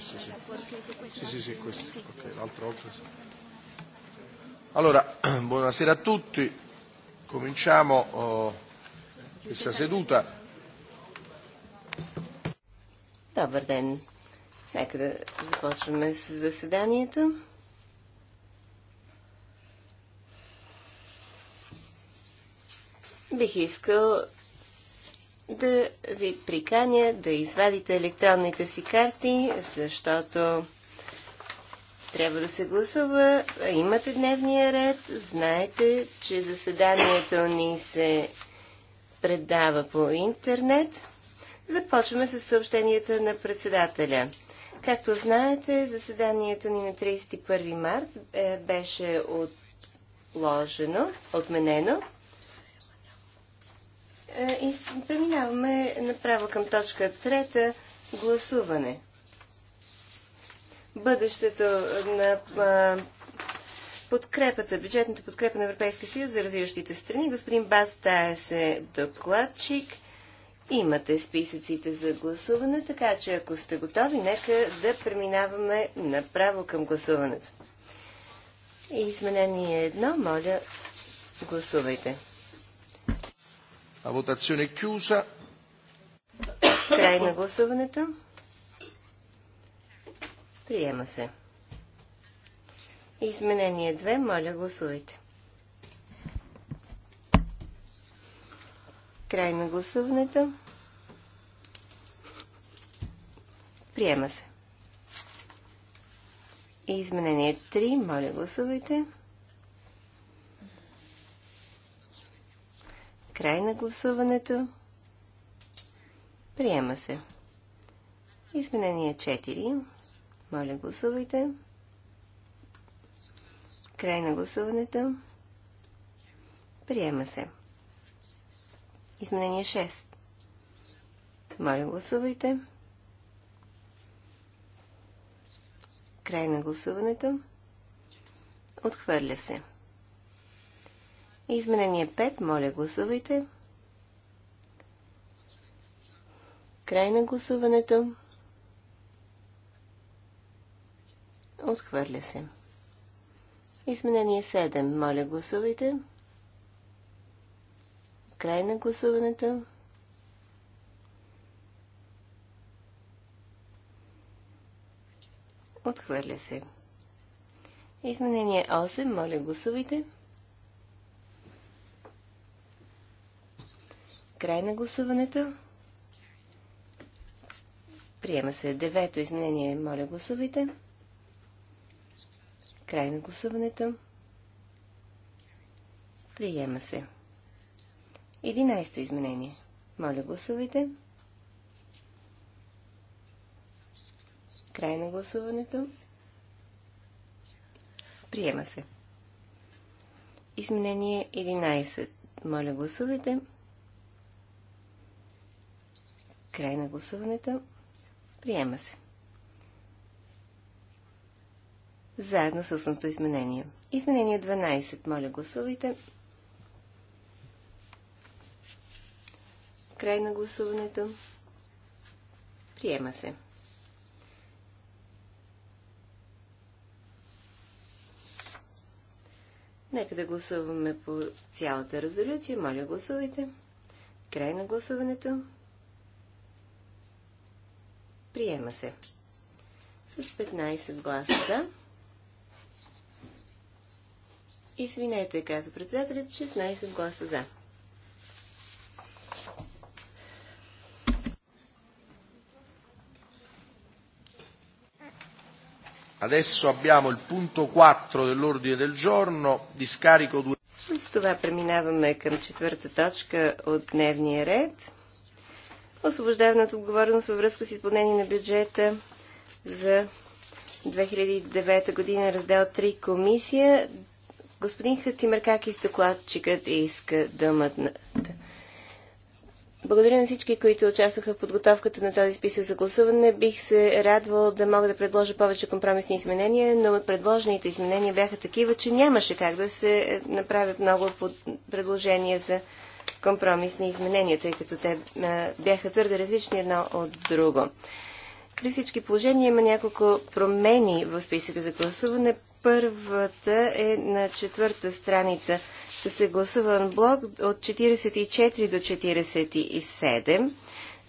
questa, sì. Sì, sì, sì, questo. Ok, l'altra volta sì. Allora, buonasera a tutti. Cominciamo oh, questa seduta. Добър ден. Нека да започваме с заседанието. Бих искал да ви приканя да извадите електронните си карти, защото трябва да се гласува. Имате дневния ред. Знаете, че заседанието ни се предава по интернет. Започваме с съобщенията на председателя. Както знаете, заседанието ни на 31 март е, беше отложено, отменено. Е, и преминаваме направо към точка трета – гласуване. Бъдещето на подкрепата, бюджетната подкрепа на Европейския съюз за развиващите страни. Господин Бас Таес се е докладчик. Имате списъците за гласуване, така че ако сте готови, нека да преминаваме направо към гласуването. Изменение едно, моля, гласувайте. La votazione è chiusa. Край на гласуването. Приема се. Изменение 2. Моля, гласувайте. Край на гласуването. Приема се. Изменение 3. Моля, гласувайте. Край на гласуването. Приема се. Изменение 4. Моля, гласувайте. Край на гласуването. Приема се. Изменение 6. Моля, гласувайте. Край на гласуването. Отхвърля се. Изменение 5. Моля, гласувайте. Край на гласуването. Отхвърля се. Изменение 7. Моля, гласувайте. Край на гласуването. Отхвърля се. Изменение 8. Моля, гласувайте. Край на гласуването. Приема се девето изменение. Моля, гласувайте. Край на гласуването. Приема се. Единайсто изменение. Моля, гласувайте. Край на гласуването. Приема се. Изменение 11. Моля, гласувайте. Край на гласуването. Приема се. Заедно с устното изменение. Изменение 12. Моля, гласувайте. Край на гласуването. Приема се. Нека да гласуваме по цялата резолюция. Моля, гласувайте. Край на гласуването. Приема се. С 15 гласа за. Извинете, каза председателят, 16 гласа за. Adesso abbiamo il punto 4 dell'ordine del giorno, discarico 2. С това преминаваме към четвърта точка от дневния ред освобождаване от отговорност във връзка с изпълнение на бюджета за 2009 година, раздел 3, комисия. Господин как докладчикът иска думата. Благодаря на всички, които участваха в подготовката на този списък за гласуване. Бих се радвал да мога да предложа повече компромисни изменения, но предложените изменения бяха такива, че нямаше как да се направят много предложения за компромисни изменения, тъй като те бяха твърде различни едно от друго. При всички положения има няколко промени в списъка за гласуване. Първата е на четвърта страница. Ще се гласува блок от 44 до 47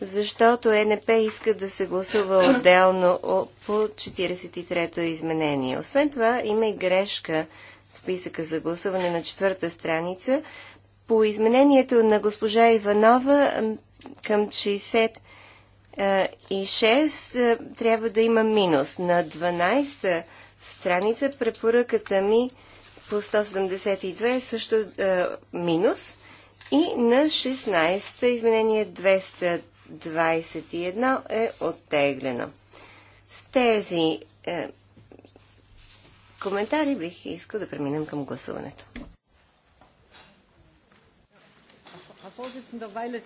защото ЕНП иска да се гласува отделно по 43-то изменение. Освен това, има и грешка в списъка за гласуване на четвърта страница. По изменението на госпожа Иванова към 66 трябва да има минус. На 12 страница препоръката ми по 172 е също е, минус. И на 16 изменение 221 е оттеглено. С тези е, коментари бих искал да преминем към гласуването. Vorsitzender, weil es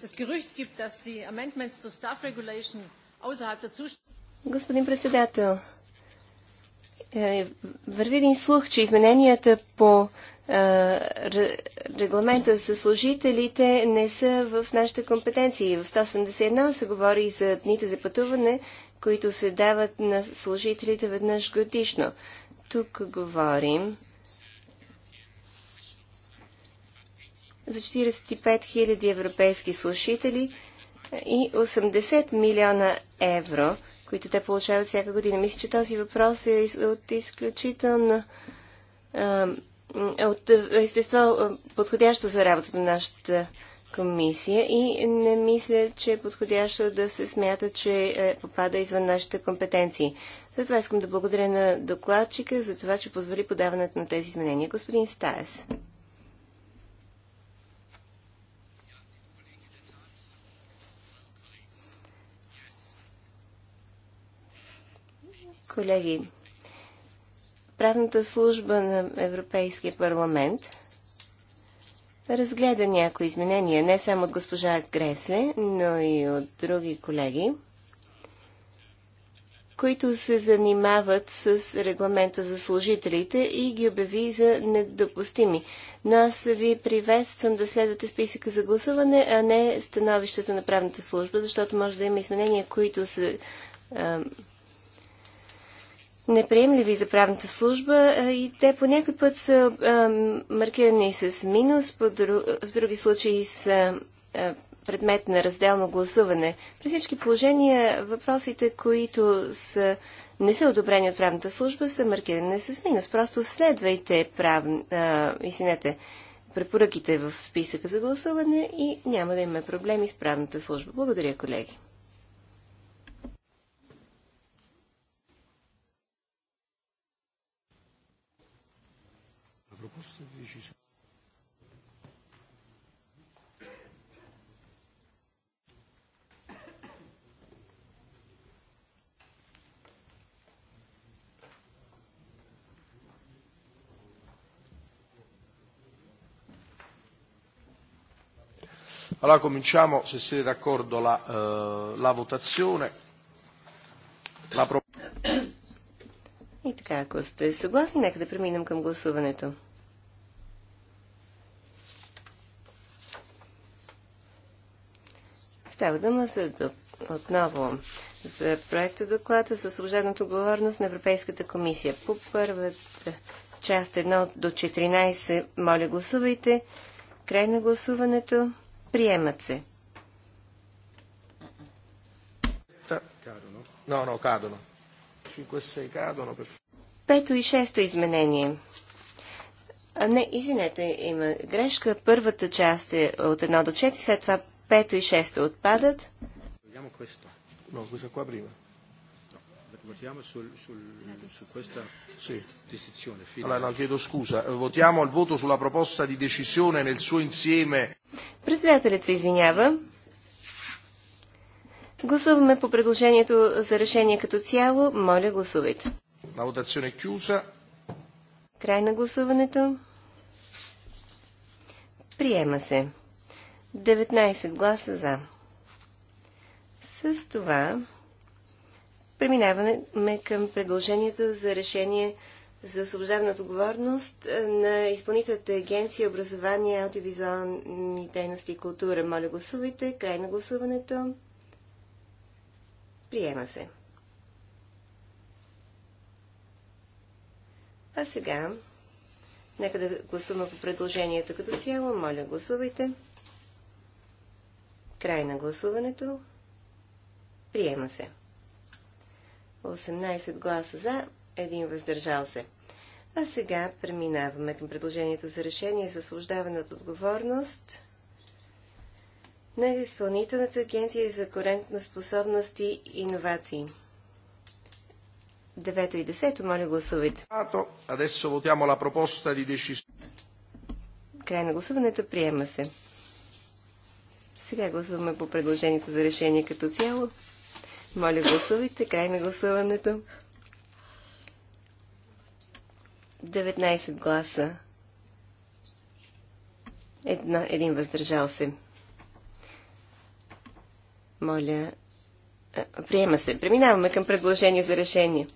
das Gerücht gibt, dass die Amendments zur Staff Regulation außerhalb der Господин председател, е, върви един слух, че измененията по е, регламента за служителите не са в нашите компетенции. В 181 се говори за дните за пътуване, които се дават на служителите веднъж годишно. Тук говорим за 45 000 европейски слушатели и 80 милиона евро, които те получават всяка година. Мисля, че този въпрос е от изключително от естество подходящо за работата на нашата комисия и не мисля, че е подходящо да се смята, че е, попада извън нашите компетенции. Затова искам да благодаря на докладчика за това, че позволи подаването на тези изменения. Господин Стаес. Колеги, правната служба на Европейския парламент разгледа някои изменения, не само от госпожа Гресле, но и от други колеги, които се занимават с регламента за служителите и ги обяви за недопустими. Но аз ви приветствам да следвате списъка за гласуване, а не становището на правната служба, защото може да има изменения, които са неприемливи за правната служба и те по някакъв път са маркирани с минус, в други случаи с предмет на разделно гласуване. При всички положения въпросите, които са, не са одобрени от правната служба, са маркирани с минус. Просто следвайте прав... а, извинете, препоръките в списъка за гласуване и няма да имаме проблеми с правната служба. Благодаря, колеги. Allora cominciamo, se siete d'accordo, la, eh, la votazione. La pro... И така, ако сте съгласни, нека да преминем към гласуването. Става дума за отново за проекта доклада за служебната отговорност на Европейската комисия. По първата част 1 до 14, моля гласувайте. Край на гласуването. Приемат се. Пето и шесто изменение. А, не, извинете, има грешка. Първата част е от 1 до 4, след това пето и шесто отпадат. No, questa qua prima votiamo sul, sul, su questa sì. decisione. Fine. Allora, no, chiedo scusa. Votiamo il voto sulla proposta di decisione nel suo insieme. Presidente, Lezzi, извинява. Гласуваме по предложението за решение като цяло. Моля, гласувайте. La votazione è chiusa. Край на гласуването. Приема се. 19 гласа за. С това Преминаваме към предложението за решение за служебна отговорност е, на изпълнителната агенция образование, аудиовизуални дейности и култура. Моля гласувайте. Край на гласуването. Приема се. А сега, нека да гласуваме по предложението като цяло. Моля, гласувайте. Край на гласуването. Приема се. 18 гласа за, един въздържал се. А сега преминаваме към предложението за решение за освобождаване от отговорност на Изпълнителната агенция за корентна способности и иновации. Девето и десето, моля гласувайте. Край на гласуването приема се. Сега гласуваме по предложението за решение като цяло. Моля, гласувайте. Край на гласуването. 19 гласа. Една, един въздържал се. Моля. Приема се. Преминаваме към предложение за решение.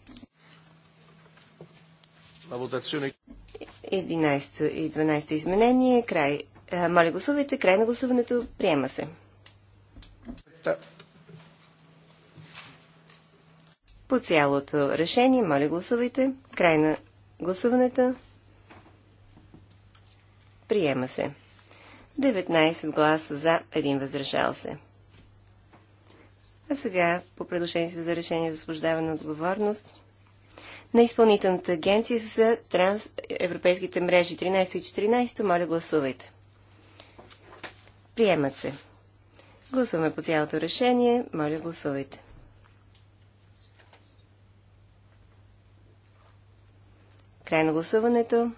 11 и 12 изменение. Край. Моля, гласувайте. Край на гласуването. Приема се. по цялото решение. Моля, гласувайте. Край на гласуването. Приема се. 19 гласа за, 1 възражал се. А сега по предложението за решение за освобождаване на отговорност на изпълнителната агенция за транс... европейските мрежи 13 и 14. Моля, гласувайте. Приемат се. Гласуваме по цялото решение. Моля, гласувайте. Край на гласуването.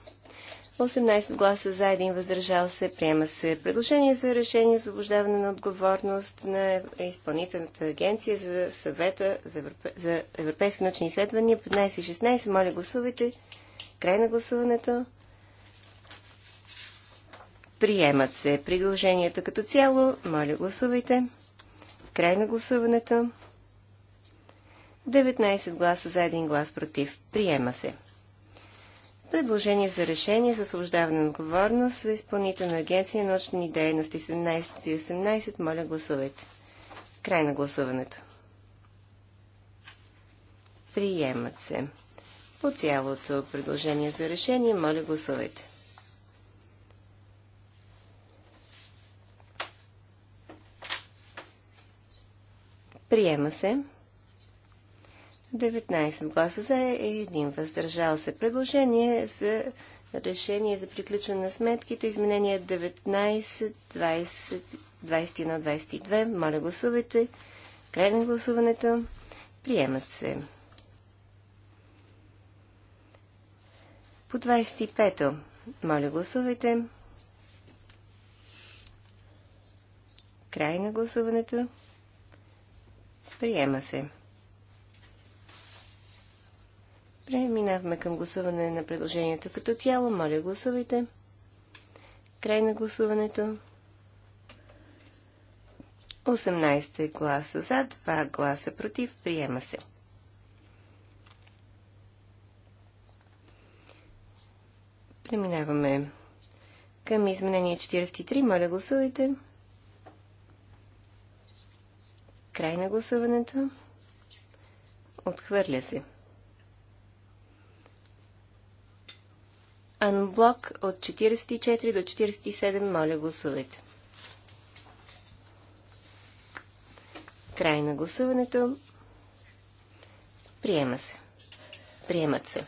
18 гласа за, един въздържал се. Приема се предложение за решение за освобождаване на отговорност на изпълнителната агенция за съвета за, Европе... за европейски научни изследвания 15 и 16. Моля, гласувайте. Край на гласуването. Приемат се предложението като цяло. Моля, гласувайте. Край на гласуването. 19 гласа за 1 глас против. Приема се. Предложение за решение за освобождаване на отговорност за изпълнителна агенция на научни дейности 17 и 18. Моля, гласувайте. Край на гласуването. Приемат се. По цялото предложение за решение, моля, гласувайте. Приема се. 19 гласа за и 1 въздържал се. Предложение за решение за приключване на сметките. Изменения 19, 20, 21, 22. Моля гласувайте. Край на гласуването. Приемат се. По 25-то. Моля гласувайте. Край на гласуването. Приема се. Преминаваме към гласуване на предложението като цяло. Моля, гласувайте. Край на гласуването. 18 гласа за, 2 гласа против. Приема се. Преминаваме към изменение 43. Моля, гласувайте. Край на гласуването. Отхвърля се. Анблок от 44 до 47. Моля, гласувайте. Край на гласуването. Приема се. Приемат се.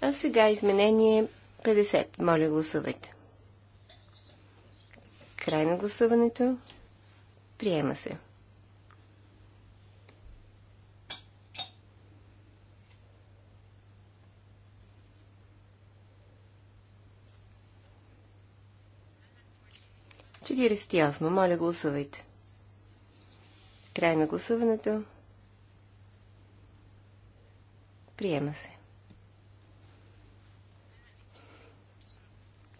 А сега изменение 50. Моля, гласувайте. Край на гласуването. Приема се. 48. Моля, гласувайте. Край на гласуването. Приема се.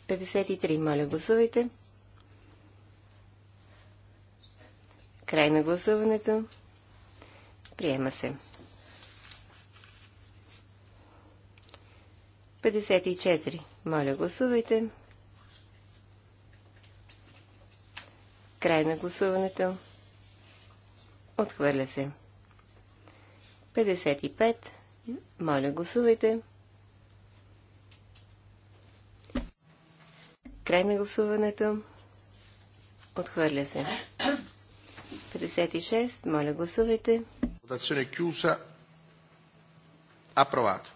53. Моля, гласувайте. Край на гласуването. Приема се. 54. Моля, гласувайте. Край на гласуването. Отхвърля се. 55. Моля, гласувайте. Край на гласуването. Отхвърля се. 56. Моля, гласувайте. Votazione chiusa. Approvato.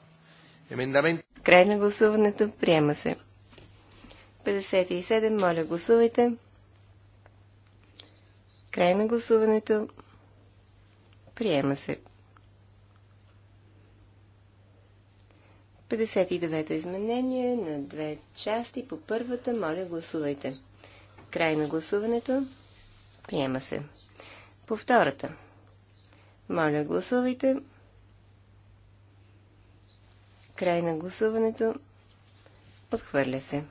Emendamento. Край на гласуването. Приема се. 57. Моля, гласувайте. Край на гласуването. Приема се. 59-то изменение на две части. По първата, моля, гласувайте. Край на гласуването. Приема се. По втората. Моля, гласувайте. Край на гласуването. Отхвърля се.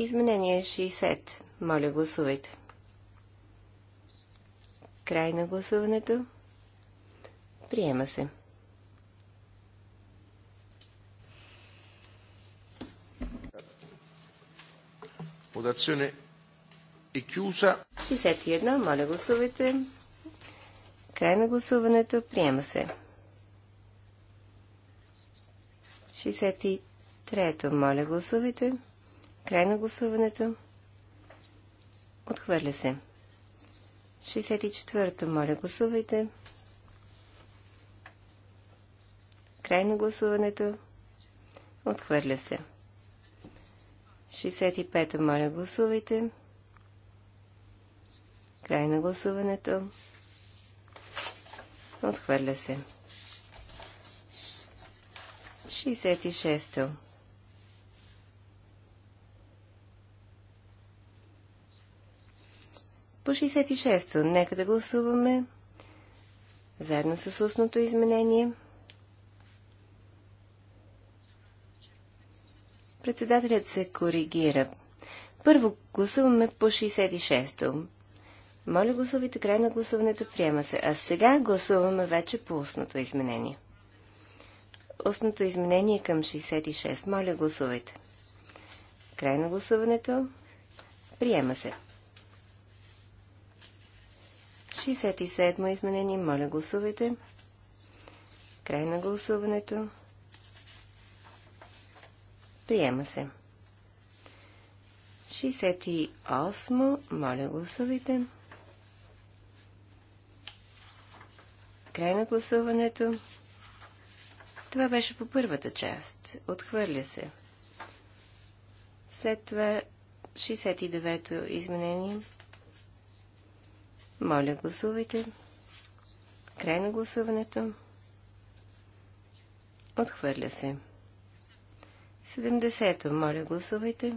Изменение 60. Моля, гласувайте. Край на гласуването. Приема се. Votazione е кюса. 61. Моля, гласувайте. Край на гласуването. Приема се. 63. Моля, гласувайте. Край на гласуването. Отхвърля се. 64-та. Моля, гласувайте. Край на гласуването. Отхвърля се. 65-та. Моля, гласувайте. Край на гласуването. Отхвърля се. 66-та. По 66-то, нека да гласуваме заедно с устното изменение. Председателят се коригира. Първо гласуваме по 66-то. Моля гласувайте край на гласуването, приема се. А сега гласуваме вече по устното изменение. Устното изменение към 66. Моля гласувайте. Край на гласуването. Приема се. 67 изменение. Моля, гласувайте. Край на гласуването. Приема се. 68. Моля, гласувайте. Край на гласуването. Това беше по първата част. Отхвърля се. След това 69-то изменение. Моля, гласувайте. Край на гласуването. Отхвърля се. 70-то. Моля, гласувайте.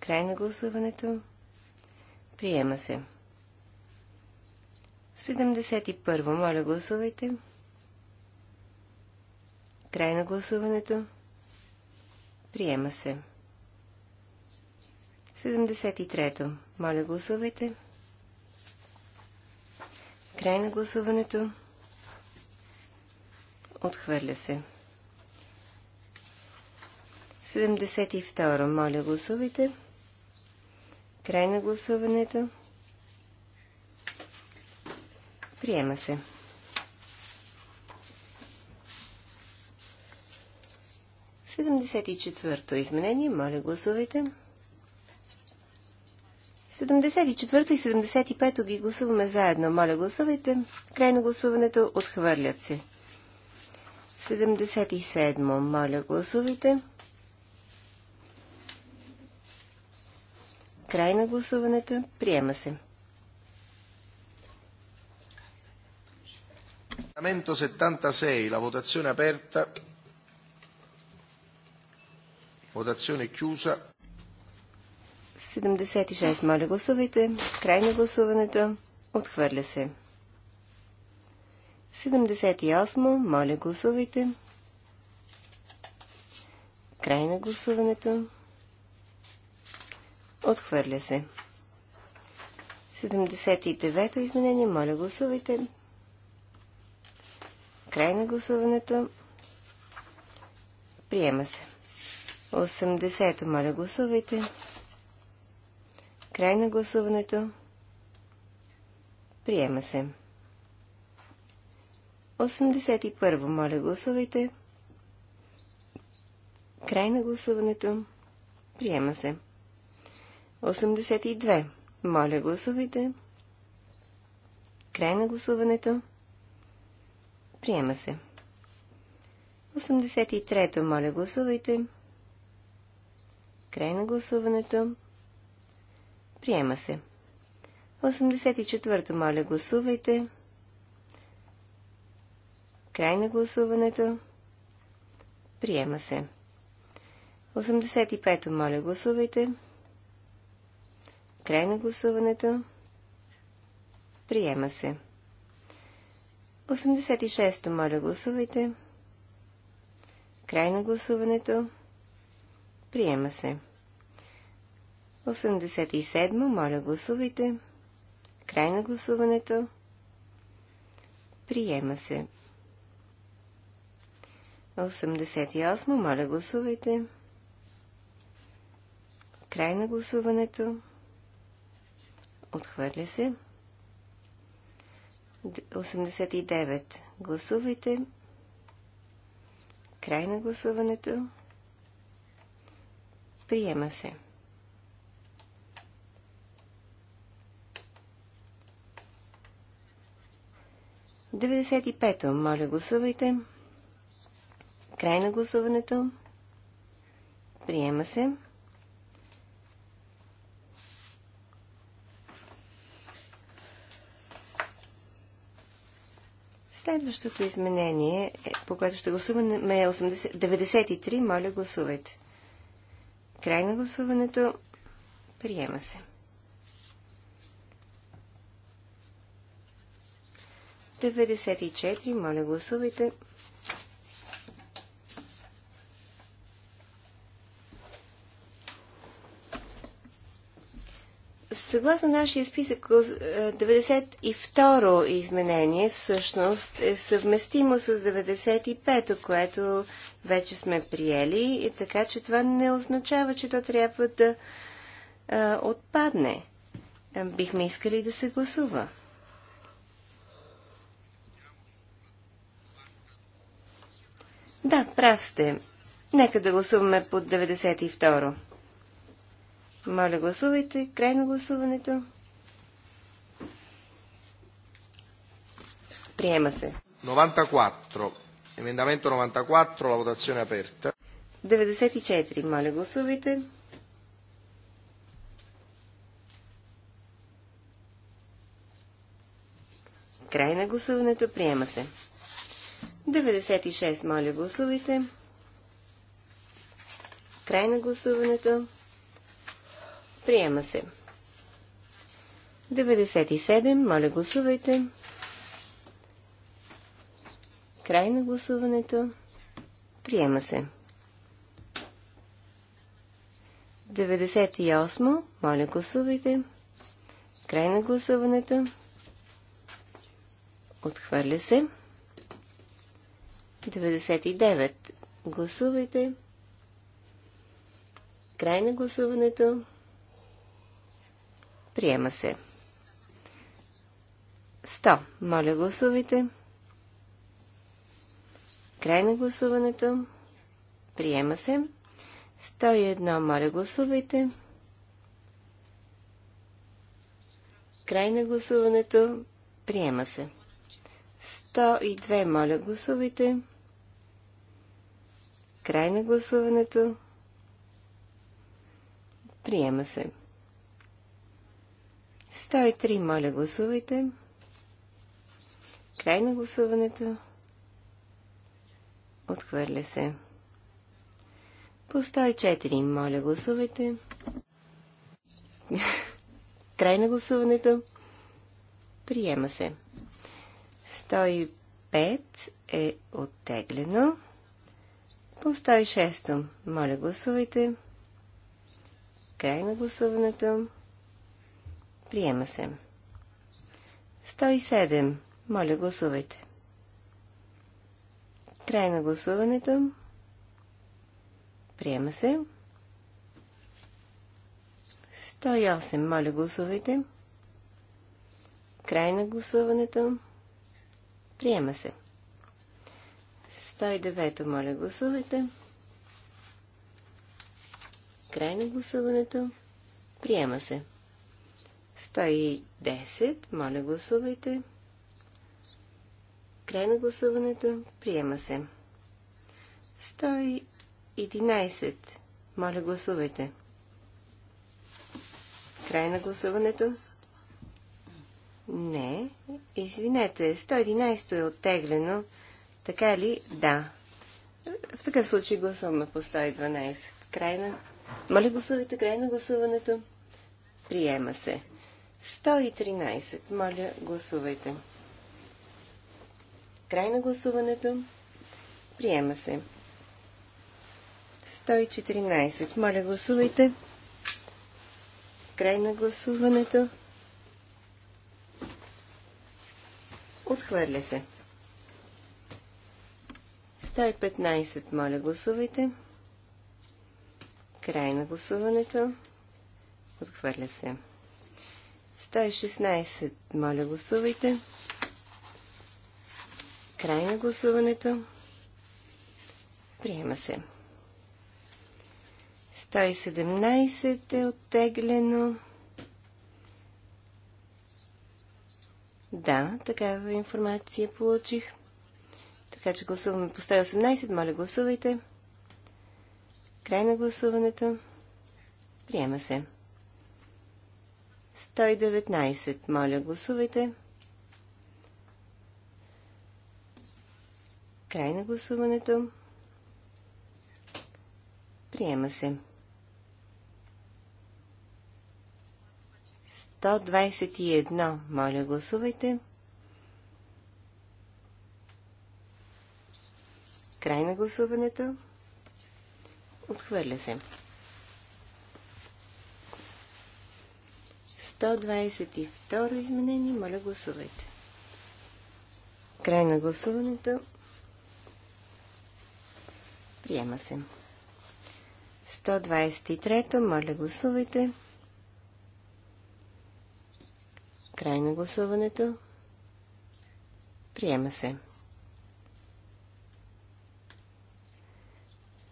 Край на гласуването. Приема се. 71. Моля, гласувайте. Край на гласуването. Приема се. 73-то. Моля, гласувайте. Край на гласуването. Отхвърля се. 72. Моля, гласувайте. Край на гласуването. Приема се. 74-то изменение. Моля, гласувайте. 74 и 75 ги гласуваме заедно. Моля, гласувайте. Край на гласуването отхвърлят се. 77. Моля, гласувайте. Край на гласуването. Приема се. Emendamento 76, la votazione aperta. Votazione chiusa. 76. Моля, гласувайте. Край на гласуването. Отхвърля се. 78. Моля, гласувайте. Край на гласуването. Отхвърля се. 79-то изменение. Моля, гласувайте. Край на гласуването. Приема се. 80 Моля, гласувайте. Край на гласуването. Приема се. 81. Моля, гласувайте. Край на гласуването. Приема се. 82. Моля, гласувайте. Край на гласуването. Приема се. 83. Моля, гласувайте. Край на гласуването. Приема се. 84 моля, гласувайте. Край на гласуването. Приема се. 85-то, моля, гласувайте. Край на гласуването. Приема се. 86 моля, гласувайте. Край на гласуването. Приема се. 87. Моля, гласувайте. Край на гласуването. Приема се. 88. Моля, гласувайте. Край на гласуването. Отхвърля се. 89. Гласувайте. Край на гласуването. Приема се. 95 та Моля, гласувайте. Край на гласуването. Приема се. Следващото изменение, е, по което ще гласуваме е 80... 93. Моля, гласувайте. Край на гласуването. Приема се. 94. Моля, гласувайте. Съгласно нашия списък, 92-ро изменение всъщност е съвместимо с 95-то, което вече сме приели, така че това не означава, че то трябва да а, отпадне. Бихме искали да се гласува. Да, прав сте. Нека да гласуваме под 92. Моля, гласувайте. Край на гласуването. Приема се. 94. Емендаменто 94, la votazione aperta. 94. Моля, гласувайте. Край на гласуването. Приема се. 96. Моля, гласувайте. Край на гласуването. Приема се. 97. Моля, гласувайте. Край на гласуването. Приема се. 98. Моля, гласувайте. Край на гласуването. Отхвърля се. 99. Гласувайте. Край на гласуването. Приема се. 100. Моля, гласувайте. Край на гласуването. Приема се. 101. Моля, гласувайте. Край на гласуването. Приема се. 102. Моля, гласувайте. Край на гласуването. Приема се. 103. Моля, гласувайте. Край на гласуването. Отхвърля се. По 104. Моля, гласувайте. Край на гласуването. Приема се. 105 е оттеглено. По 106. Моля, гласувайте. Край на гласуването. Приема се. 107. Моля, гласувайте. Край на гласуването. Приема се. 108. Моля, гласувайте. Край на гласуването. Приема се. 109. Моля, гласувайте. Край на гласуването. Приема се. 110. Моля, гласувайте. Край на гласуването. Приема се. 111. Моля, гласувайте. Край на гласуването. Не. Извинете, 111 е оттеглено. Така ли? Да. В такъв случай гласуваме по 112. Край на... Моля гласувайте край на гласуването. Приема се. 113. Моля гласувайте. Край на гласуването. Приема се. 114. Моля гласувайте. Край на гласуването. Отхвърля се. 115. Моля, гласувайте. Край на гласуването. Отхвърля се. 116. Моля, гласувайте. Край на гласуването. Приема се. 117 е оттеглено. Да, такава информация получих. Така че гласуваме по 118. Моля, гласувайте. Край на гласуването. Приема се. 119. Моля, гласувайте. Край на гласуването. Приема се. 121. Моля, гласувайте. Край на гласуването. Отхвърля се. 122 изменение. Моля, гласувайте. Край на гласуването. Приема се. 123. Моля, гласувайте. Край на гласуването. Приема се.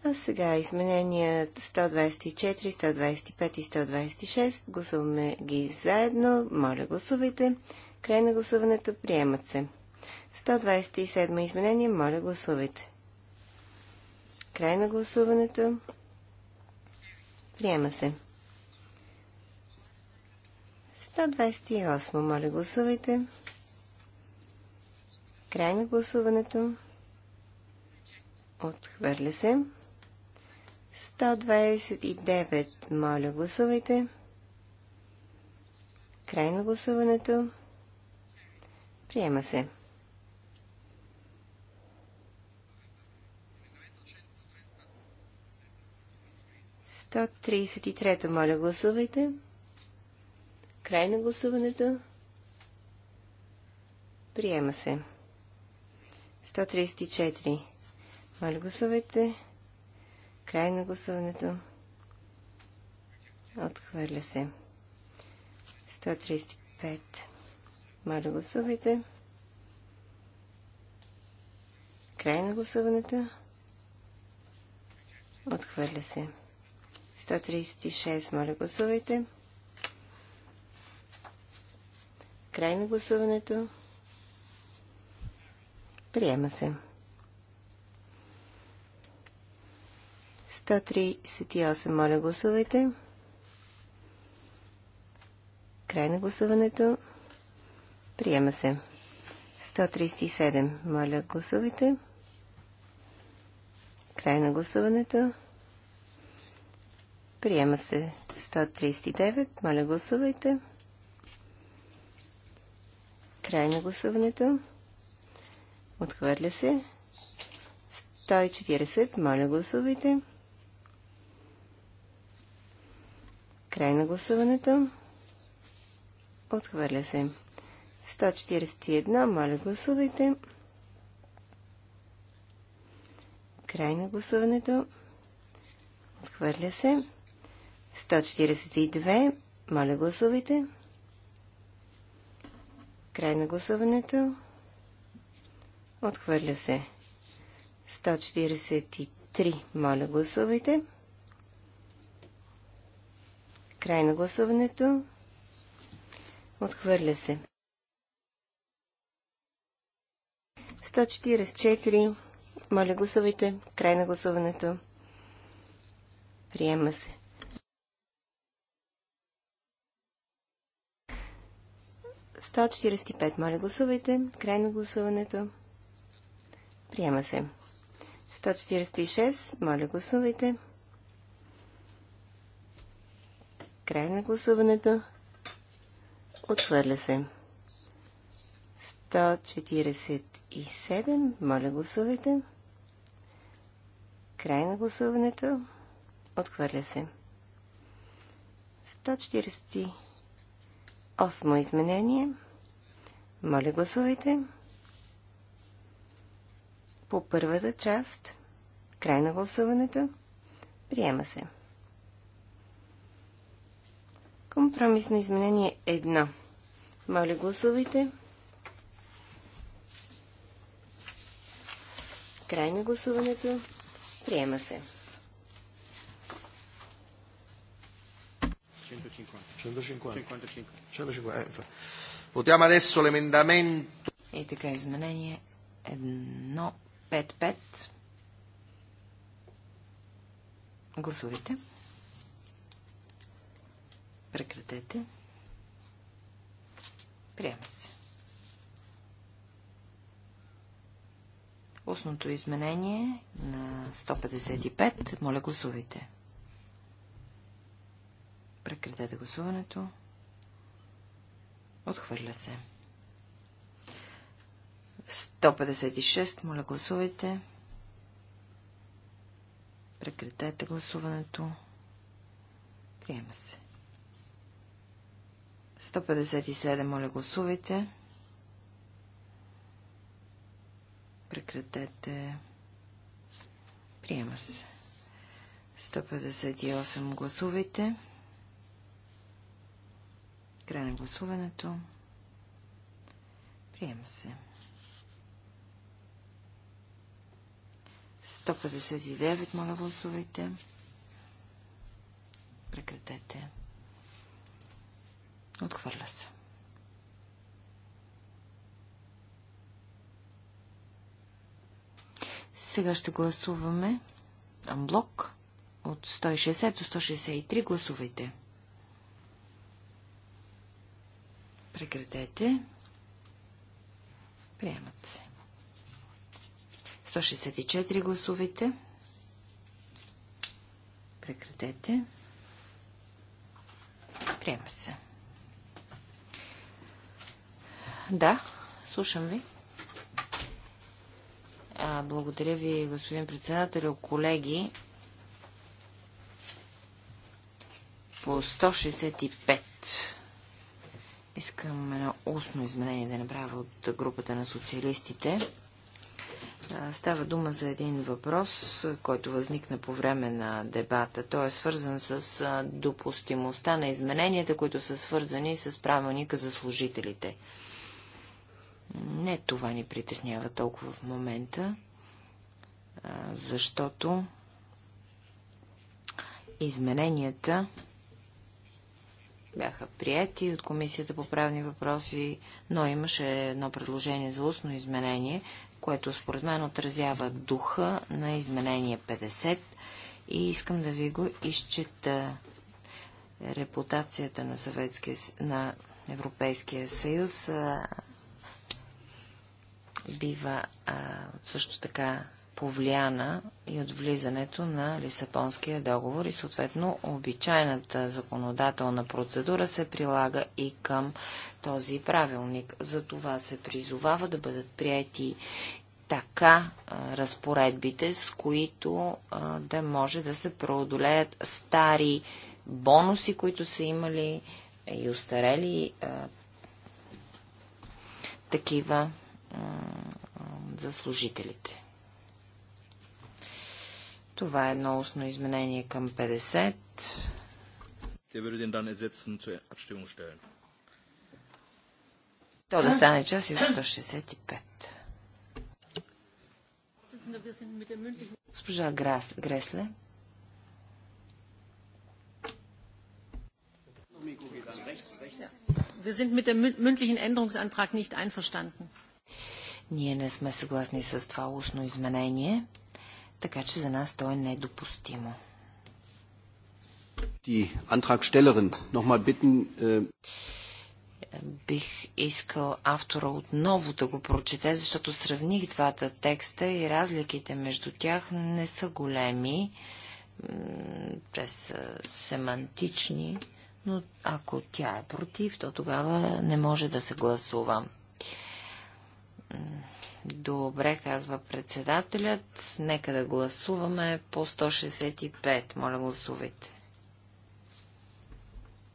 А сега изменения 124, 125 и 126. Гласуваме ги заедно. Моля, гласувайте. Край на гласуването. Приемат се. 127 изменение. Моля, гласувайте. Край на гласуването. Приема се. 128. Моля, гласувайте. Край на гласуването. Отхвърля се. 129. Моля, гласувайте. Край на гласуването. Приема се. Сто Моля, гласувайте. Край на гласуването. Приема се. 134. Моля, гласувайте. Край на гласуването. Отхвърля се. 135. Моля, гласувайте. Край на гласуването. Отхвърля се. 136. Моля, гласувайте. Край на гласуването. Приема се. 138. Моля, гласувайте. Край на гласуването. Приема се. 137. Моля, гласувайте. Край на гласуването. Приема се 139. Моля, гласувайте. Край на гласуването. Отхвърля се. 140. Моля, гласувайте. Край на гласуването. Отхвърля се. 141. Моля, гласувайте. Край на гласуването. Отхвърля се. 142. Моля, гласувайте. Край на гласуването. Отхвърля се. 143. Моля, гласувайте. Край на гласуването. Отхвърля се. 144. Моля, гласувайте. Край на гласуването. Приема се. 145, Моля, гласувайте. Край на гласуването. Приема се. 146. Моля, гласувайте. Край на гласуването. Отхвърля се. 147. Моля, гласувайте. Край на гласуването. Отхвърля се. 148 изменение. Моля, гласувайте. По първата част. Край на гласуването. Приема се. Компромисно изменение 1. Моля, гласувайте. Край на гласуването. Приема се. Votiamo adesso l'emendamento. И така, изменение 1.5.5. Гласувайте. Прекратете. Приема се. Устното изменение на 155. Моля, гласувайте. Прекратете гласуването. Отхвърля се. 156. Моля, гласувайте. Прекратете гласуването. Приема се. 157, моля гласувайте. Прекратете. Приема се. 158 гласувайте. Край на гласуването. Приема се. 159, моля гласувайте. Прекратете. Отхвърля се. Сега ще гласуваме амблок от 160 до 163. Гласувайте. Прекратете. Приемат се. 164 гласувайте. Прекратете. Приема се. Да, слушам ви. А, благодаря ви, господин председател, колеги. По 165 искам едно устно изменение да направя от групата на социалистите. Става дума за един въпрос, който възникна по време на дебата. Той е свързан с допустимостта на измененията, които са свързани с правилника за служителите. Не това ни притеснява толкова в момента, защото измененията бяха прияти от Комисията по правни въпроси, но имаше едно предложение за устно изменение, което според мен отразява духа на изменение 50 и искам да ви го изчета. Репутацията на, Съветския, на Европейския съюз бива а, също така повлияна и от влизането на Лисапонския договор и съответно обичайната законодателна процедура се прилага и към този правилник. За това се призовава да бъдат прияти така а, разпоредбите, с които а, да може да се преодолеят стари бонуси, които са имали и устарели а, такива за служителите. Това е едно устно изменение към 50. То да стане час и от 165. Госпожа Гресле. Wir sind mit dem mündlichen Änderungsantrag nicht einverstanden. Ние не сме съгласни с това устно изменение, така че за нас то е недопустимо. Е, Бих искал автора отново да го прочете, защото сравних двата текста и разликите между тях не са големи. Те са семантични, но ако тя е против, то тогава не може да се гласува. Добре, казва председателят. Нека да гласуваме по 165. Моля, гласувайте.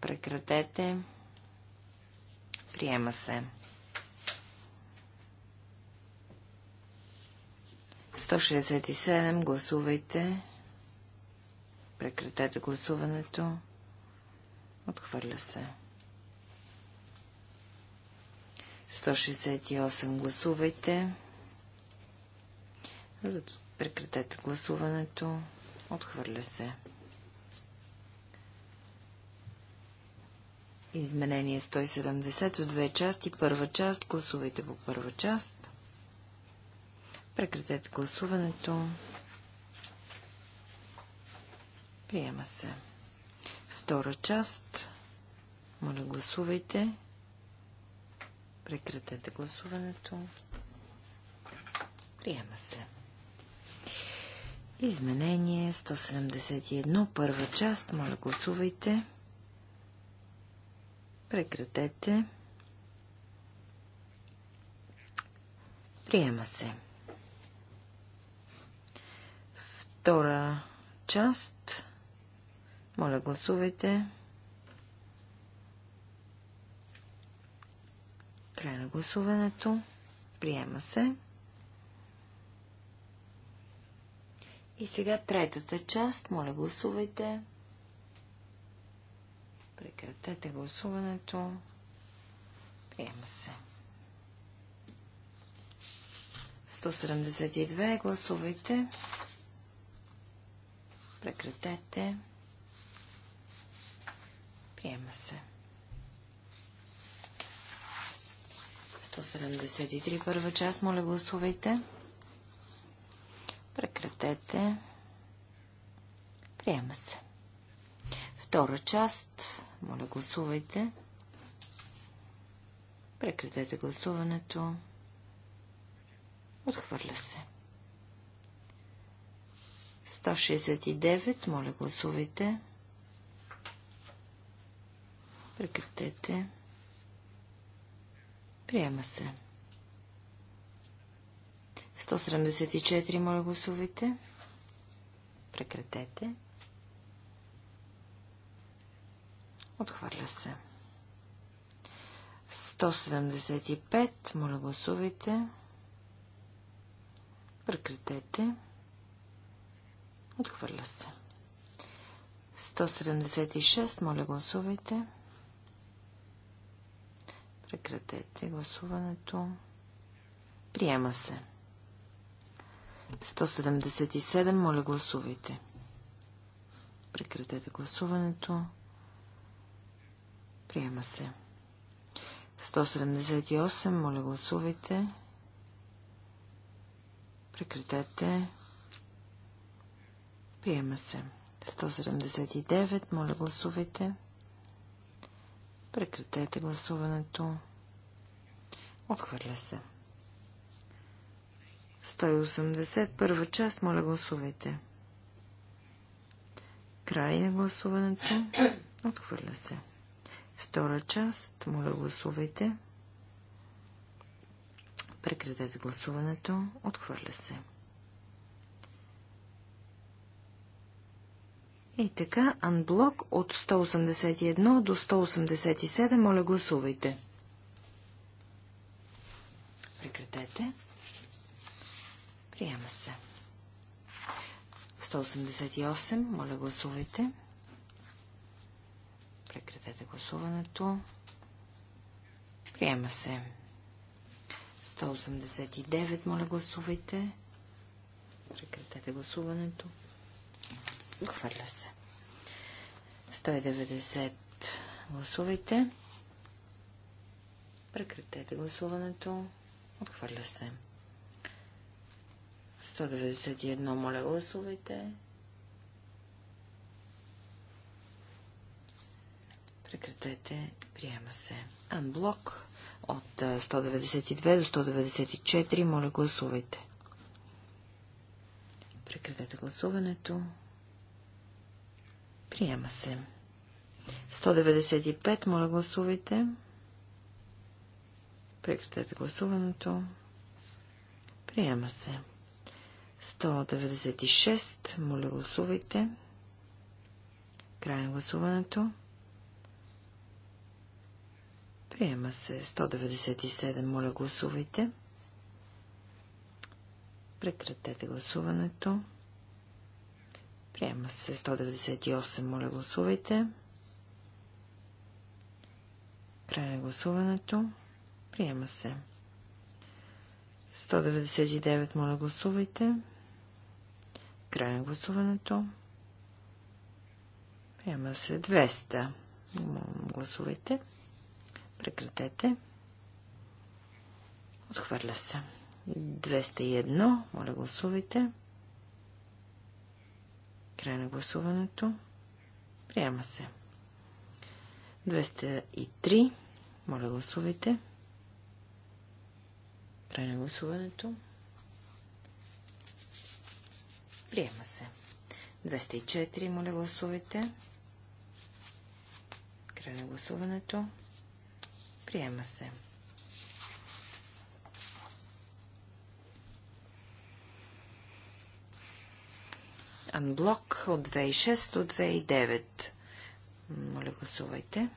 Прекратете. Приема се. 167. Гласувайте. Прекратете гласуването. Отхвърля се. 168 гласувайте. Зато прекратете гласуването. Отхвърля се. Изменение 170 от две части. Първа част. Гласувайте по първа част. Прекратете гласуването. Приема се. Втора част. Моля, гласувайте. Гласувайте. Прекратете гласуването. Приема се. Изменение 171, първа част. Моля, гласувайте. Прекратете. Приема се. Втора част. Моля, гласувайте. Гласувайте. Край на гласуването. Приема се. И сега третата част. Моля, гласувайте. Прекратете гласуването. Приема се. 172. Гласувайте. Прекратете. Приема се. 173 първа част. Моля, гласувайте. Прекратете. Приема се. Втора част. Моля, гласувайте. Прекратете гласуването. Отхвърля се. 169. Моля, гласувайте. Прекратете. Приема се. 174, моля гласувайте. Прекратете. Отхвърля се. 175, моля гласувайте. Прекратете. Отхвърля се. 176, моля гласувайте. Прекратете гласуването. Приема се. 177, моля гласувайте. Прекратете гласуването. Приема се. 178, моля гласувайте. Прекратете. Приема се. 179, моля гласувайте. Прекратете гласуването. Отхвърля се. 180. Първа част. Моля, гласувайте. Край на гласуването. Отхвърля се. Втора част. Моля, гласувайте. Прекратете гласуването. Отхвърля се. И така, анблок от 181 до 187, моля гласувайте. Прекратете. Приема се. 188, моля гласувайте. Прекратете гласуването. Приема се. 189, моля гласувайте. Прекратете гласуването. Хвърля се. 190. Гласувайте. Прекратете гласуването. Отхвърля се. 191. Моля, гласувайте. Прекратете. Приема се. Анблок от 192 до 194. Моля, гласувайте. Прекратете гласуването. Приема се. 195, моля гласувайте. Прекратете гласуването. Приема се. 196, моля гласувайте. Край на гласуването. Приема се 197. Моля, гласувайте. Прекратете гласуването. Приема се 198. Моля, гласувайте. Край на гласуването. Приема се. 199. Моля, гласувайте. Край на гласуването. Приема се 200. Гласувайте. Прекратете. Отхвърля се. 201. Моля, гласувайте. Край на гласуването. Приема се. 203. Моля, гласувайте. Край на гласуването. Приема се. 204. Моля, гласувайте. Край на гласуването. Приема се. анблок от 2006 до 2009. Моля, гласувайте.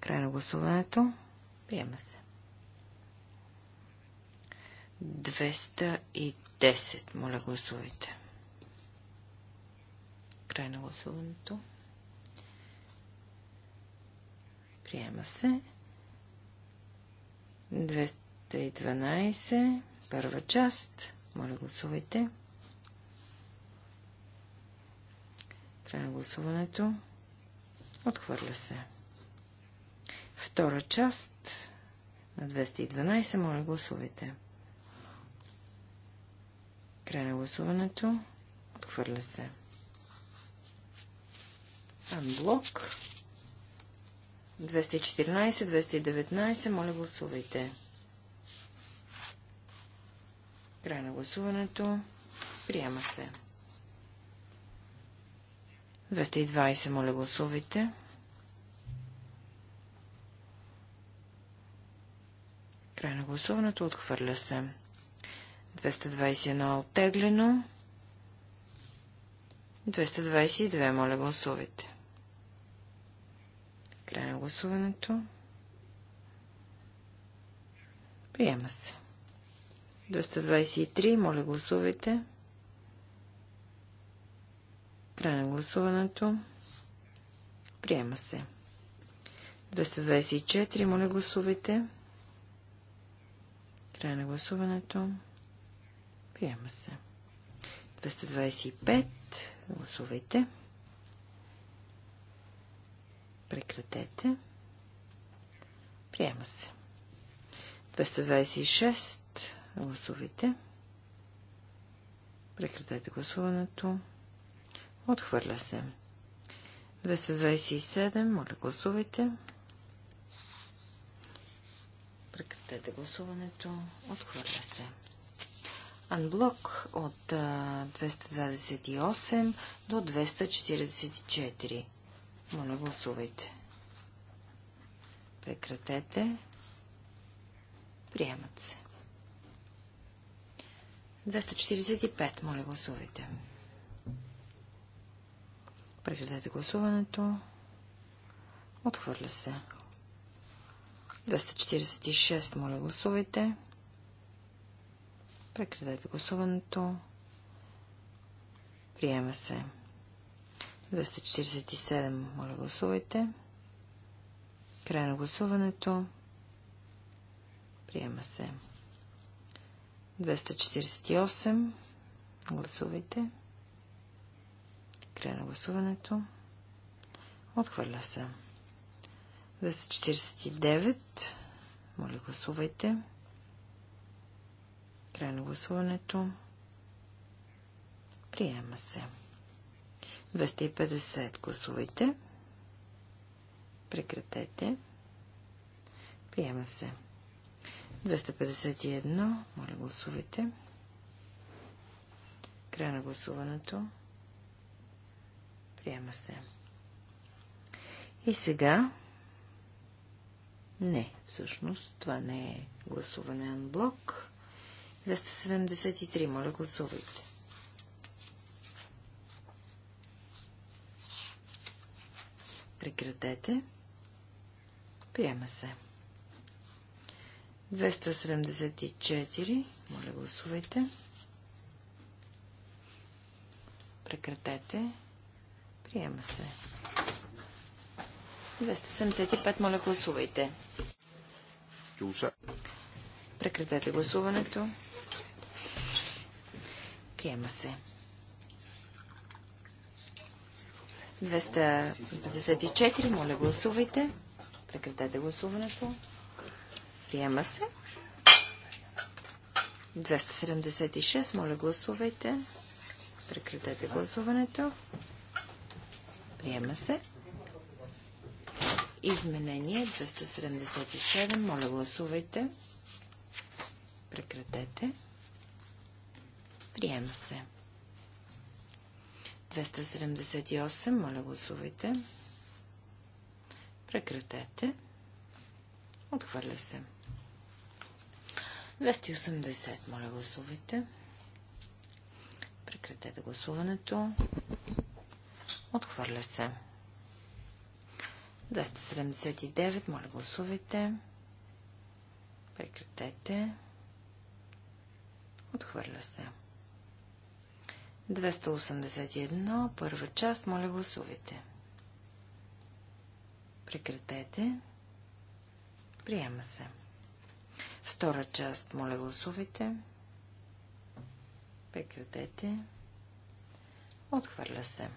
Край на гласуването. Приема се. 210. Моля, гласувайте. Край на гласуването. Приема се. 212. Първа част. Моля, гласувайте. Край на гласуването. Отхвърля се. Втора част на 212. Моля, гласувайте. Край на гласуването. Отхвърля се. Анблок. 214, 219. Моля, гласувайте. Край на гласуването. Приема се. 220, моля гласувайте. Край на гласуването отхвърля се. 221 е оттеглено. 222, моля гласувайте. Край на гласуването. Приема се. 223, моля гласувайте. Край на гласуването. Приема се. 224. Моля, гласувайте. Край на гласуването. Приема се. 225. Гласувайте. Прекратете. Приема се. 226. Гласувайте. Прекратете гласуването. Отхвърля се. 227. Моля, гласувайте. Прекратете гласуването. Отхвърля се. Анблок от 228 до 244. Моля, гласувайте. Прекратете. Приемат се. 245. Моля, гласувайте. Прекратете гласуването. Отхвърля се. 246, моля гласувайте. Прекратете гласуването. Приема се. 247, моля гласувайте. Край на гласуването. Приема се. 248. Гласувайте. Край на гласуването. Отхвърля се. 249. Моля, гласувайте. Край на гласуването. Приема се. 250. Гласувайте. Прекратете. Приема се. 251. Моля, гласувайте. Край на гласуването. Приема се. И сега... Не, всъщност това не е гласуване на блок. 273, моля гласувайте. Прекратете. Приема се. 274. Моля, гласувайте. Прекратете. Приема се. 275, моля гласувайте. Прекратете гласуването. Приема се. 254, моля гласувайте. Прекратете гласуването. Приема се. 276, моля гласувайте. Прекратете гласуването. Приема се. Изменение 277. Моля, гласувайте. Прекратете. Приема се. 278. Моля, гласувайте. Прекратете. Отхвърля се. 280. Моля, гласувайте. Прекратете гласуването. Отхвърля се. 279. Моля, гласувайте. Прекратете. Отхвърля се. 281. Първа част. Моля, гласувайте. Прекратете. Приема се. Втора част. Моля, гласувайте. Прекратете. Отхвърля се.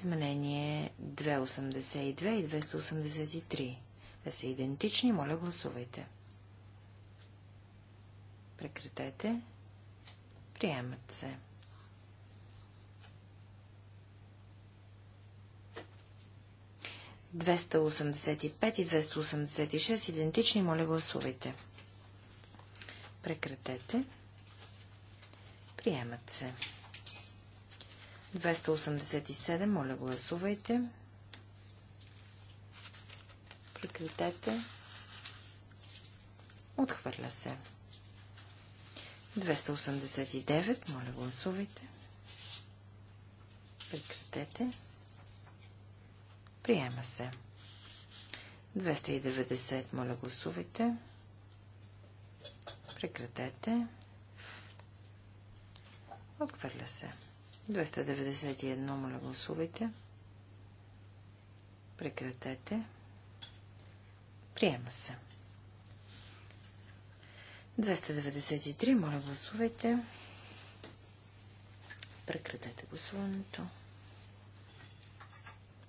Изменение 282 и 283. Те са идентични, моля гласувайте. Прекратете. Приемат се. 285 и 286 идентични, моля гласувайте. Прекратете. Приемат се. 287. Моля, гласувайте. Прекратете. Отхвърля се. 289. Моля, гласувайте. Прекратете. Приема се. 290. Моля, гласувайте. Прекратете. Отхвърля се. 291, моля гласувайте. Прекратете. Приема се. 293, моля гласувайте. Прекратете гласуването.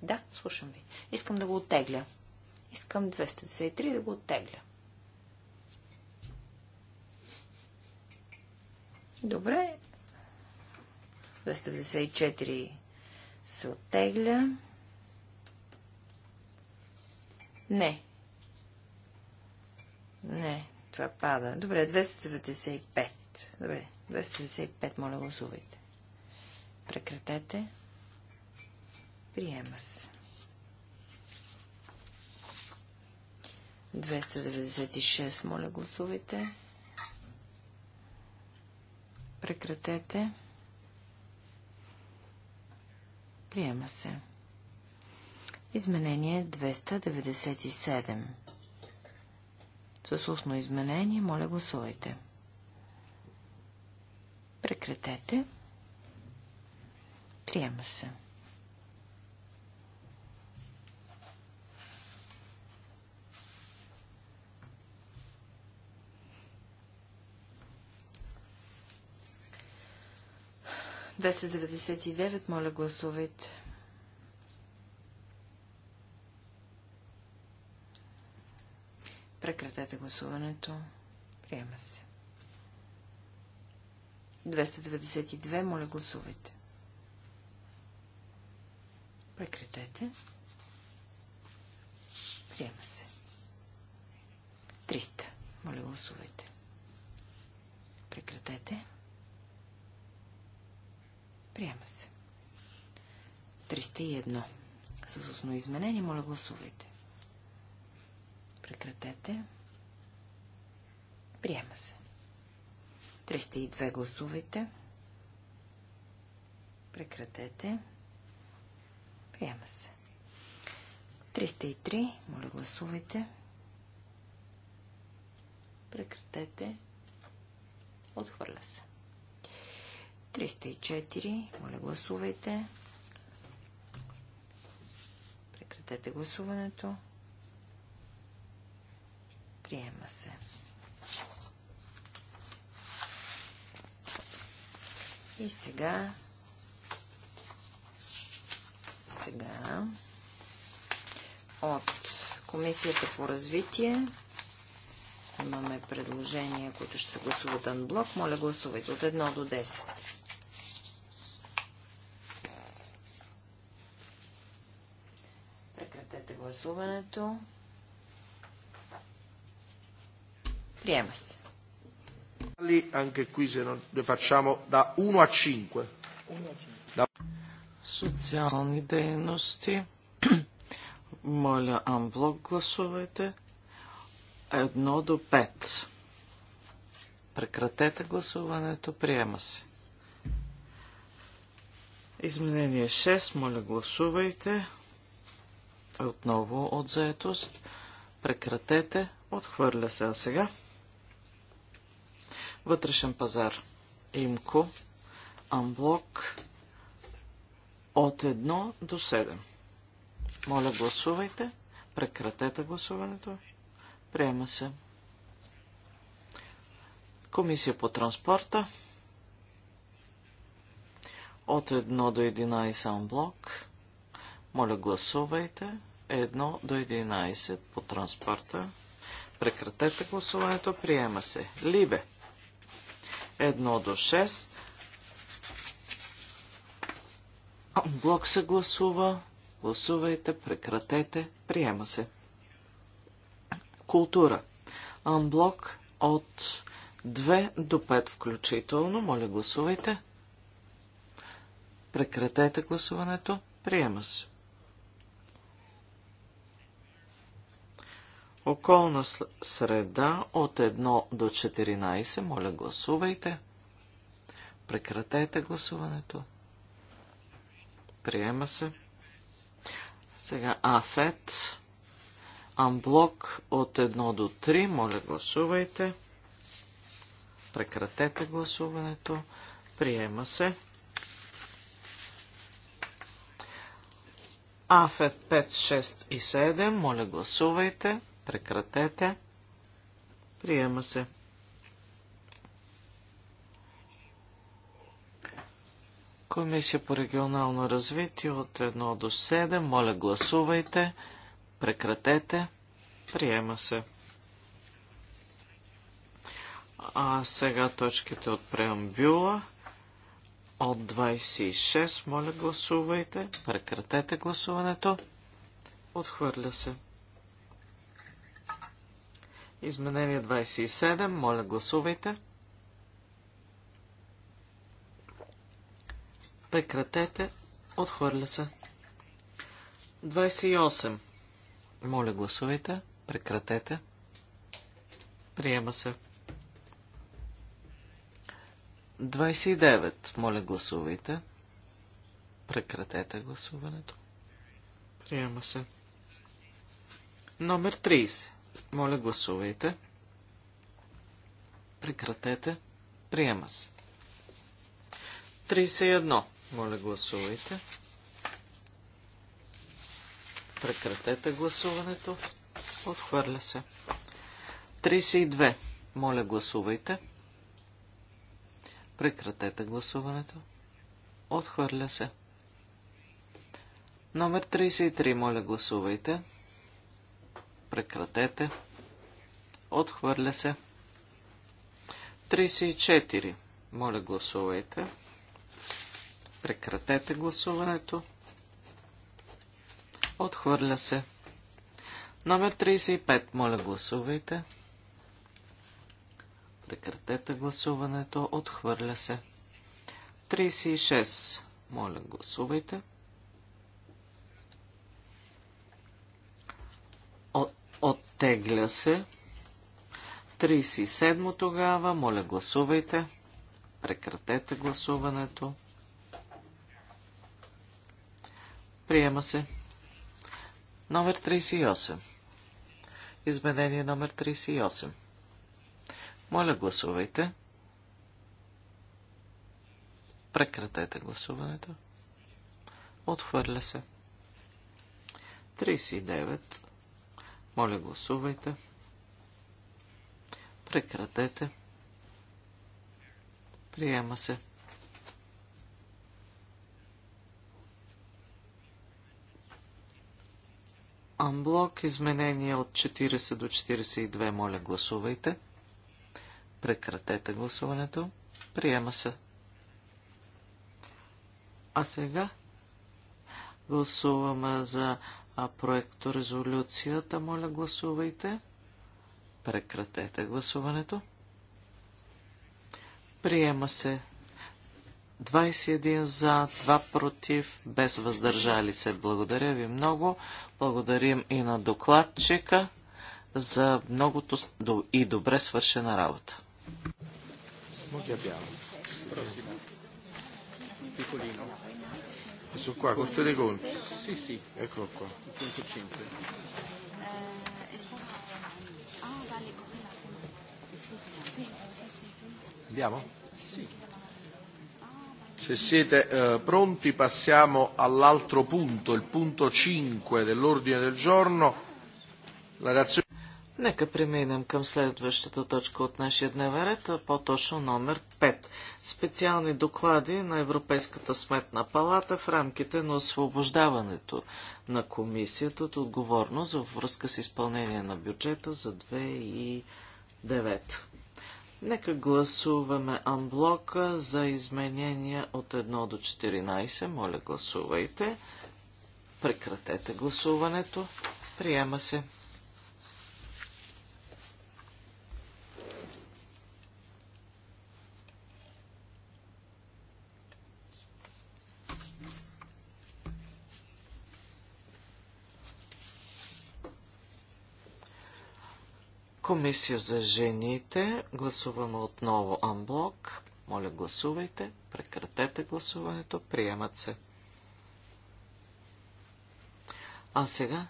Да, слушам ви. Искам да го оттегля. Искам 293 да го оттегля. Добре, 294 се оттегля. Не. Не, това пада. Добре, 295. Добре, 295, моля гласувайте. Прекратете. Приема се. 296, моля гласувайте. Прекратете. Приема се. Изменение 297. С устно изменение, моля гласувайте. Прекратете. Приема се. 299, моля гласувайте. Прекратете гласуването. Приема се. 292, моля гласувайте. Прекратете. Приема се. 300. Моля гласувайте. Прекратете. Приема се. 301. С устно изменение, моля гласувайте. Прекратете. Приема се. 302 гласувайте. Прекратете. Приема се. 303. Моля гласувайте. Прекратете. Отхвърля се. 304. Моля, гласувайте. Прекратете гласуването. Приема се. И сега... Сега... От Комисията по развитие имаме предложения, които ще се гласуват анблок. Моля, гласувайте от 1 до 10. гласуването. Приема се. Anche qui se non le facciamo da 1 a 5. Социални дейности. Моля, амблок гласувайте. Едно до 5. Прекратете гласуването. Приема се. Изменение 6. Моля, гласувайте. Отново от заетост. Прекратете. Отхвърля се. А сега. Вътрешен пазар. Имко. Амблок. От 1 до 7. Моля, гласувайте. Прекратете гласуването. Приема се. Комисия по транспорта. От 1 до 11 амблок. Моля, гласувайте. 1 до 11 по транспорта. Прекратете гласуването. Приема се. Либе. 1 до 6. Блок се гласува. Гласувайте. Прекратете. Приема се. Култура. Анблок от 2 до 5 включително. Моля, гласувайте. Прекратете гласуването. Приема се. Околна среда от 1 до 14. Моля, гласувайте. Прекратете гласуването. Приема се. Сега АФЕТ. Амблок от 1 до 3. Моля, гласувайте. Прекратете гласуването. Приема се. АФЕТ 5, 6 и 7. Моля, гласувайте. Прекратете. Приема се. Комисия по регионално развитие от 1 до 7. Моля, гласувайте. Прекратете. Приема се. А сега точките от преамбюла. От 26. Моля, гласувайте. Прекратете гласуването. Отхвърля се. Изменение 27. Моля, гласувайте. Прекратете. Отхвърля се. 28. Моля, гласувайте. Прекратете. Приема се. 29. Моля, гласувайте. Прекратете гласуването. Приема се. Номер 30. Моля, гласувайте. Прекратете. Приема се. 31. Моля, гласувайте. Прекратете гласуването. Отхвърля се. 32. Моля, гласувайте. Прекратете гласуването. Отхвърля се. Номер 33. Моля, гласувайте. Прекратете. Отхвърля се. 34. Моля, гласувайте. Прекратете гласуването. Отхвърля се. Номер 35. Моля, гласувайте. Прекратете гласуването. Отхвърля се. 36. Моля, гласувайте. Оттегля се. 37 тогава. Моля, гласувайте. Прекратете гласуването. Приема се. Номер 38. Изменение номер 38. Моля, гласувайте. Прекратете гласуването. Отхвърля се. 39. Моля, гласувайте. Прекратете. Приема се. Амблок изменения от 40 до 42. Моля, гласувайте. Прекратете гласуването. Приема се. А сега гласуваме за проекто резолюцията. Моля, гласувайте. Прекратете гласуването. Приема се 21 за, 2 против, без въздържали се. Благодаря ви много. Благодарим и на докладчика за многото и добре свършена работа. Picolino. Questo qua, Corte dei conti. Sì, sì. Eccolo qua. Penso 5. Andiamo? Sì. Se siete eh, pronti passiamo all'altro punto, il punto 5 dell'ordine del giorno, la relazione Нека преминем към следващата точка от нашия дневен ред, по-точно номер 5. Специални доклади на Европейската сметна палата в рамките на освобождаването на комисията от отговорност във връзка с изпълнение на бюджета за 2009. Нека гласуваме анблока за изменения от 1 до 14. Моля, гласувайте. Прекратете гласуването. Приема се. Комисия за жените. Гласуваме отново анблок. Моля, гласувайте. Прекратете гласуването. Приемат се. А сега?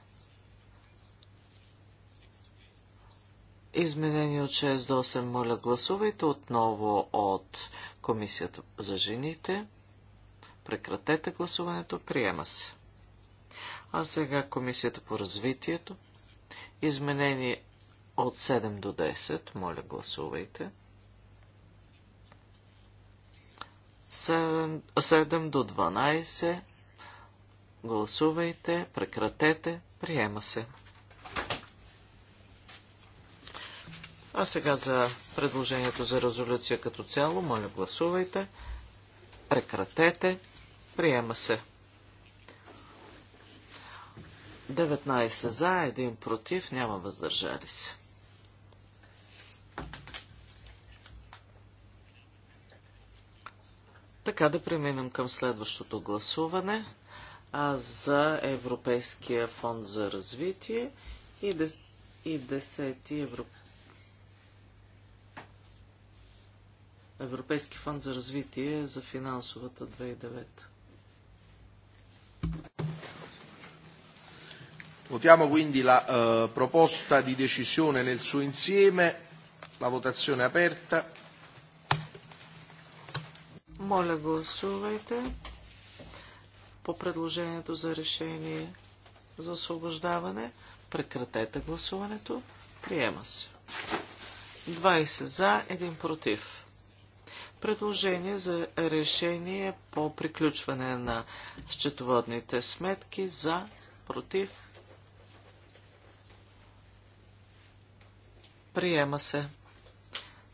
Изменение от 6 до 8. Моля, гласувайте отново от Комисията за жените. Прекратете гласуването. Приема се. А сега Комисията по развитието. Изменение от 7 до 10, моля гласувайте. 7, до 12, гласувайте, прекратете, приема се. А сега за предложението за резолюция като цяло, моля гласувайте, прекратете, приема се. 19 за, 1 против, няма въздържали се. Така да преминем към следващото гласуване а за Европейския фонд за развитие и, дес, и десети евро... Европейски фонд за развитие за финансовата 2009. Votiamo quindi la eh, proposta di decisione nel suo insieme, la votazione è aperta. Моля, гласувайте по предложението за решение за освобождаване. Прекратете гласуването. Приема се. 20 за, 1 против. Предложение за решение по приключване на счетоводните сметки за, против. Приема се.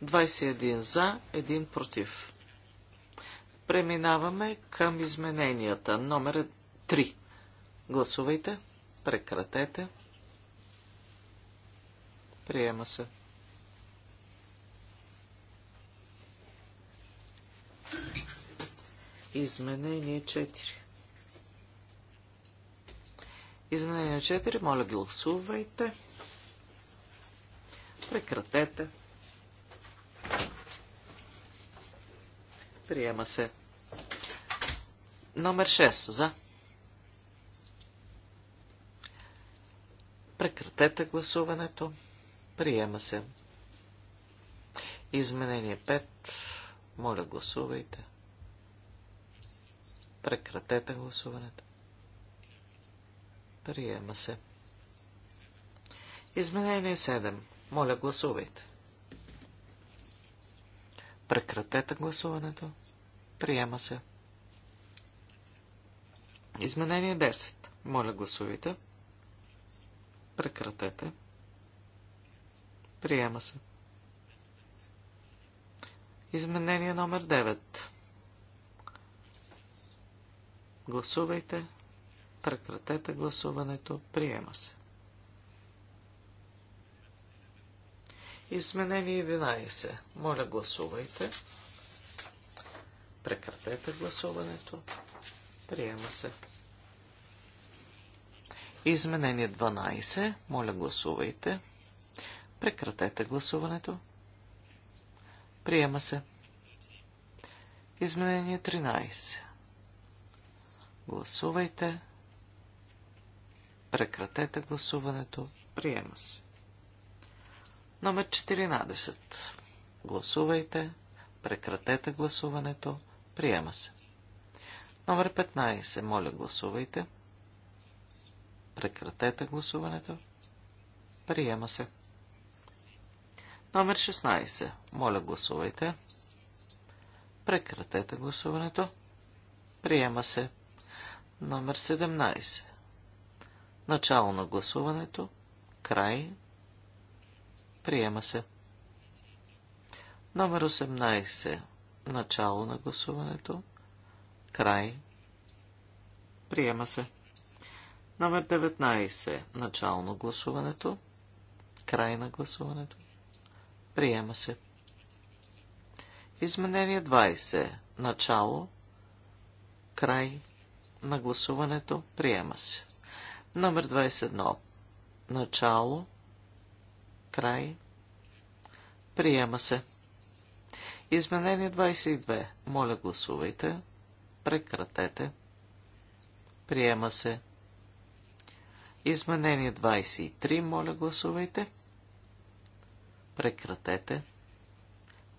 21 за, 1 против. Преминаваме към измененията. Номер 3. Гласувайте. Прекратете. Приема се. Изменение 4. Изменение 4. Моля, гласувайте. Прекратете. Приема се. Номер 6. За. Прекратете гласуването. Приема се. Изменение 5. Моля, гласувайте. Прекратете гласуването. Приема се. Изменение 7. Моля, гласувайте. Прекратете гласуването. Приема се. Изменение 10. Моля гласувайте. Прекратете. Приема се. Изменение номер 9. Гласувайте. Прекратете гласуването. Приема се. Изменение 11. Моля, гласувайте. Прекратете гласуването. Приема се. Изменение 12. Моля, гласувайте. Прекратете гласуването. Приема се. Изменение 13. Гласувайте. Прекратете гласуването. Приема се. Номер 14. Гласувайте. Прекратете гласуването. Приема се. Номер 15. Моля, гласувайте. Прекратете гласуването. Приема се. Номер 16. Моля, гласувайте. Прекратете гласуването. Приема се. Номер 17. Начало на гласуването. Край Приема се. Номер 18. Начало на гласуването. Край. Приема се. Номер 19. Начало на гласуването. Край на гласуването. Приема се. Изменение 20. Начало. Край на гласуването. Приема се. Номер 21. Начало. Край. Приема се. Изменение 22. Моля гласувайте. Прекратете. Приема се. Изменение 23. Моля гласувайте. Прекратете.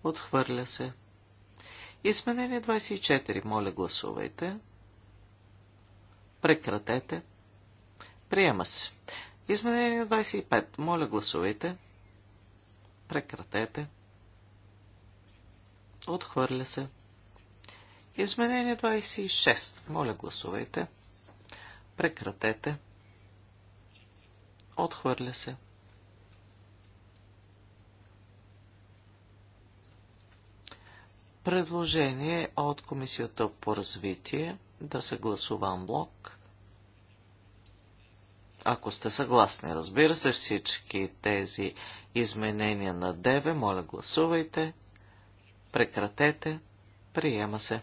Отхвърля се. Изменение 24. Моля гласувайте. Прекратете. Приема се. Изменение 25. Моля, гласувайте. Прекратете. Отхвърля се. Изменение 26. Моля, гласувайте. Прекратете. Отхвърля се. Предложение от Комисията по развитие да се гласува блок ако сте съгласни, разбира се, всички тези изменения на Деве, моля гласувайте, прекратете, приема се.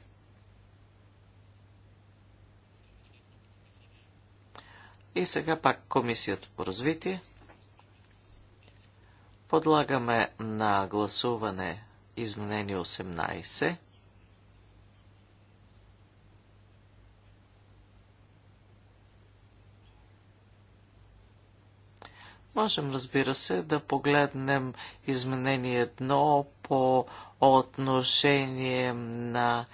И сега пак Комисията по развитие. Подлагаме на гласуване изменение 18. Можем, разбира се, да погледнем изменение едно по отношение на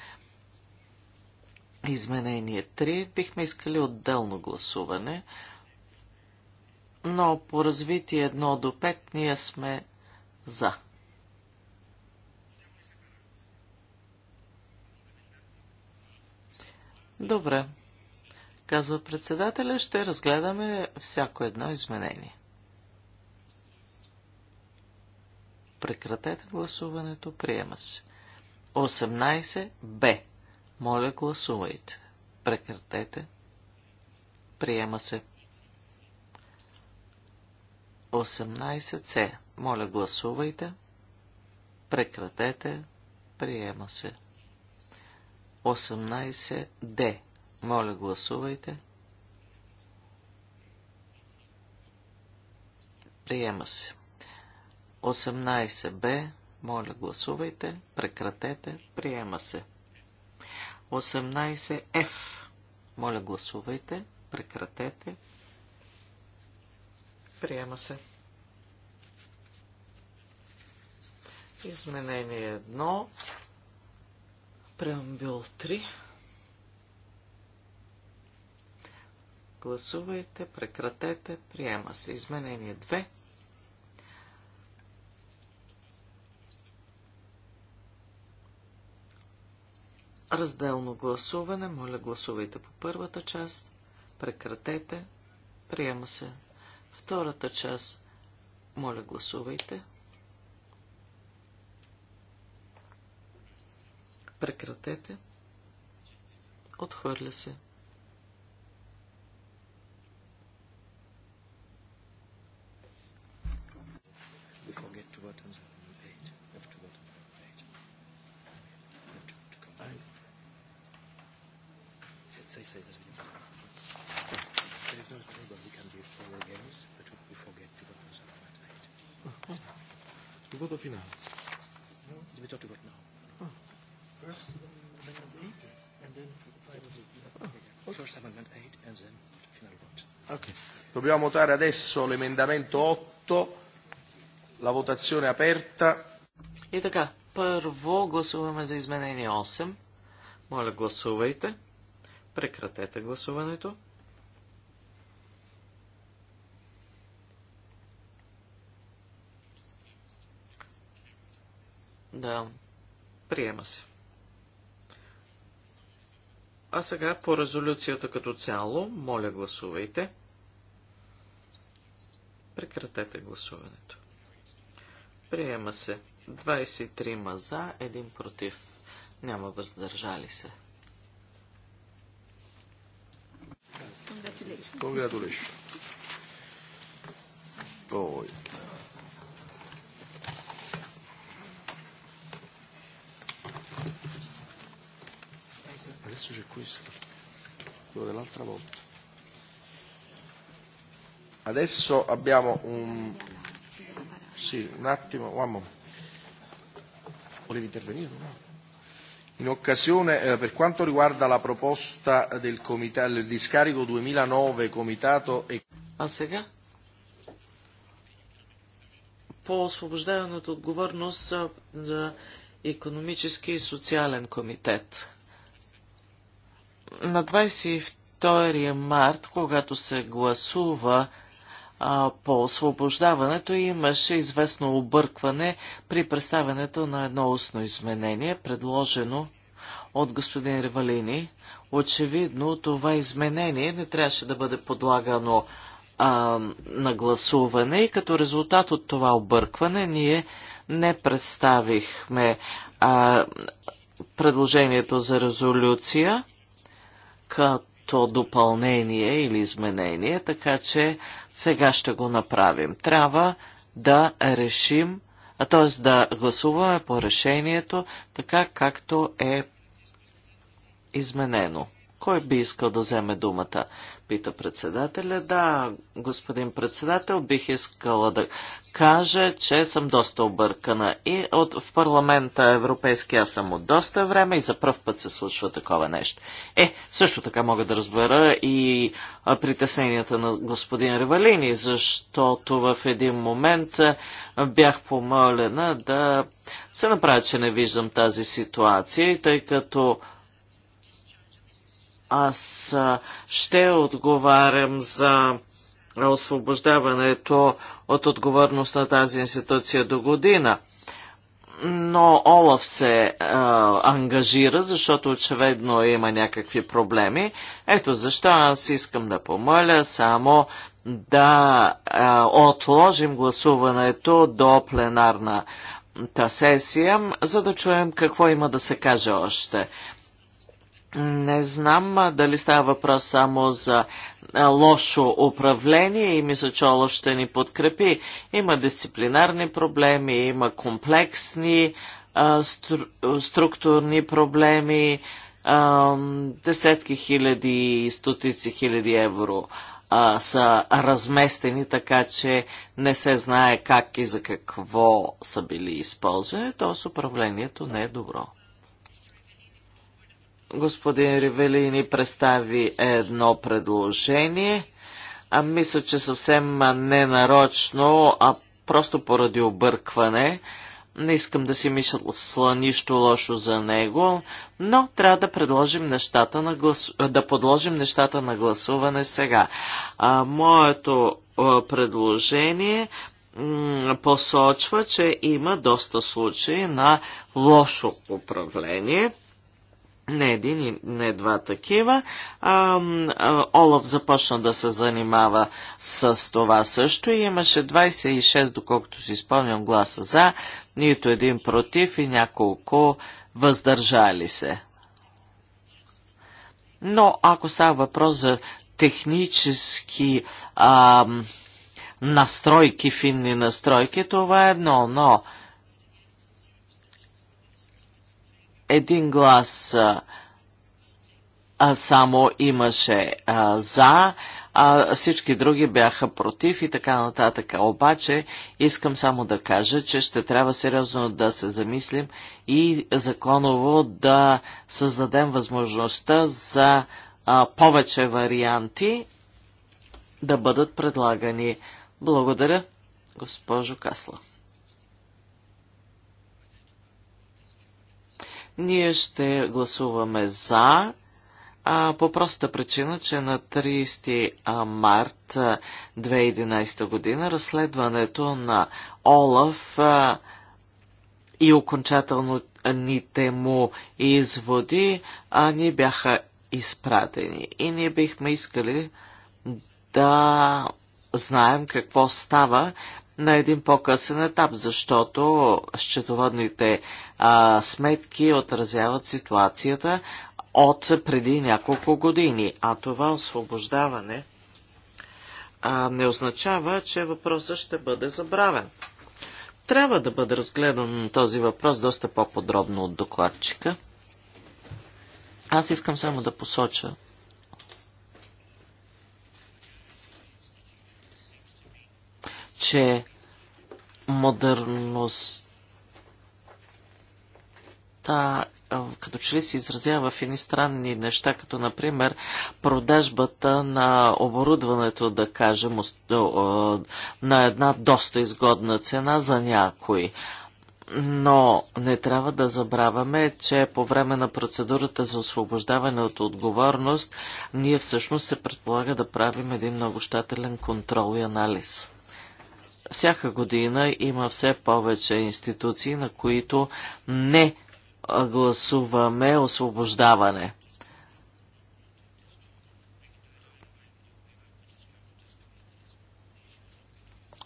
изменение 3. Бихме искали отделно гласуване, но по развитие 1 до 5 ние сме за. Добре, казва председателя, ще разгледаме всяко едно изменение. Прекратете гласуването. Приема се. 18. Б. Моля, гласувайте. Прекратете. Приема се. 18. С. Моля, гласувайте. Прекратете. Приема се. 18. Д. Моля, гласувайте. Приема се. 18b. Моля, гласувайте. Прекратете. Приема се. 18f. Моля, гласувайте. Прекратете. Приема се. Изменение 1. Преамбюл 3. Гласувайте, прекратете, приема се. Изменение 2. Разделно гласуване. Моля, гласувайте по първата част. Прекратете. Приема се. Втората част. Моля, гласувайте. Прекратете. Отхвърля се. voto finale. Ah, okay. Dobbiamo votare adesso l'emendamento 8. La votazione è aperta. И така, първо гласуваме за изменение 8. Моля, гласувайте. Прекратете гласуването. Да, приема се. А сега по резолюцията като цяло, моля гласувайте. Прекратете гласуването. Приема се. 23 ма за, 1 против. Няма въздържали се. Congratulations. Congratulations. Adesso c'è questo, quello dell'altra volta. Adesso abbiamo un... Sì, un attimo, one Volevi intervenire? No. In occasione, eh, per quanto riguarda la proposta del, comitato, del discarico 2009 Comitato e... A сега? По освобождаване от отговорност за економически и социален комитет. На 22 март, когато се гласува по освобождаването, имаше известно объркване при представянето на едно устно изменение, предложено от господин Ревалини. Очевидно това изменение не трябваше да бъде подлагано а, на гласуване и като резултат от това объркване ние не представихме а, предложението за резолюция като допълнение или изменение, така че сега ще го направим. Трябва да решим, а т.е. да гласуваме по решението така, както е изменено. Кой би искал да вземе думата? пита председателя. Да, господин председател, бих искала да кажа, че съм доста объркана. И от, в парламента европейския съм от доста време и за първ път се случва такова нещо. Е, също така мога да разбера и притесненията на господин Ревалини, защото в един момент бях помолена да се направя, че не виждам тази ситуация, тъй като аз ще отговарям за освобождаването от отговорност на тази институция до година. Но Олаф се а, ангажира, защото очевидно има някакви проблеми. Ето защо аз искам да помоля само да а, отложим гласуването до пленарната сесия, за да чуем какво има да се каже още. Не знам дали става въпрос само за лошо управление и мисля, че Олаф ще ни подкрепи. Има дисциплинарни проблеми, има комплексни а, стру, структурни проблеми, а, десетки хиляди и стотици хиляди евро а, са разместени, така че не се знае как и за какво са били използвани, т.е. управлението не е добро. Господин Ривелини представи едно предложение. А мисля, че съвсем ненарочно, а просто поради объркване. Не искам да си мисля нищо лошо за него, но трябва да, предложим нещата на глас... да подложим нещата на гласуване сега. А, моето а, предложение посочва, че има доста случаи на лошо управление не един и не два такива. А, а, Олаф започна да се занимава с това също и имаше 26, доколкото си спомням, гласа за, нито един против и няколко въздържали се. Но ако става въпрос за технически а, настройки, финни настройки, това е едно, но... но един глас а, само имаше а, за, а всички други бяха против и така нататък. Обаче искам само да кажа, че ще трябва сериозно да се замислим и законово да създадем възможността за а, повече варианти да бъдат предлагани. Благодаря, госпожо Касла. Ние ще гласуваме за а, по простата причина, че на 30 март 2011 година разследването на Олаф а, и окончателните му изводи а, ни бяха изпратени. И ние бихме искали да знаем какво става на един по-късен етап, защото счетоводните а, сметки отразяват ситуацията от преди няколко години. А това освобождаване а, не означава, че въпросът ще бъде забравен. Трябва да бъде разгледан този въпрос доста по-подробно от докладчика. Аз искам само да посоча, че модерността като че ли се изразява в едни странни неща, като например продажбата на оборудването, да кажем, на една доста изгодна цена за някой. Но не трябва да забравяме, че по време на процедурата за освобождаване от отговорност, ние всъщност се предполага да правим един много щателен контрол и анализ всяка година има все повече институции, на които не гласуваме освобождаване.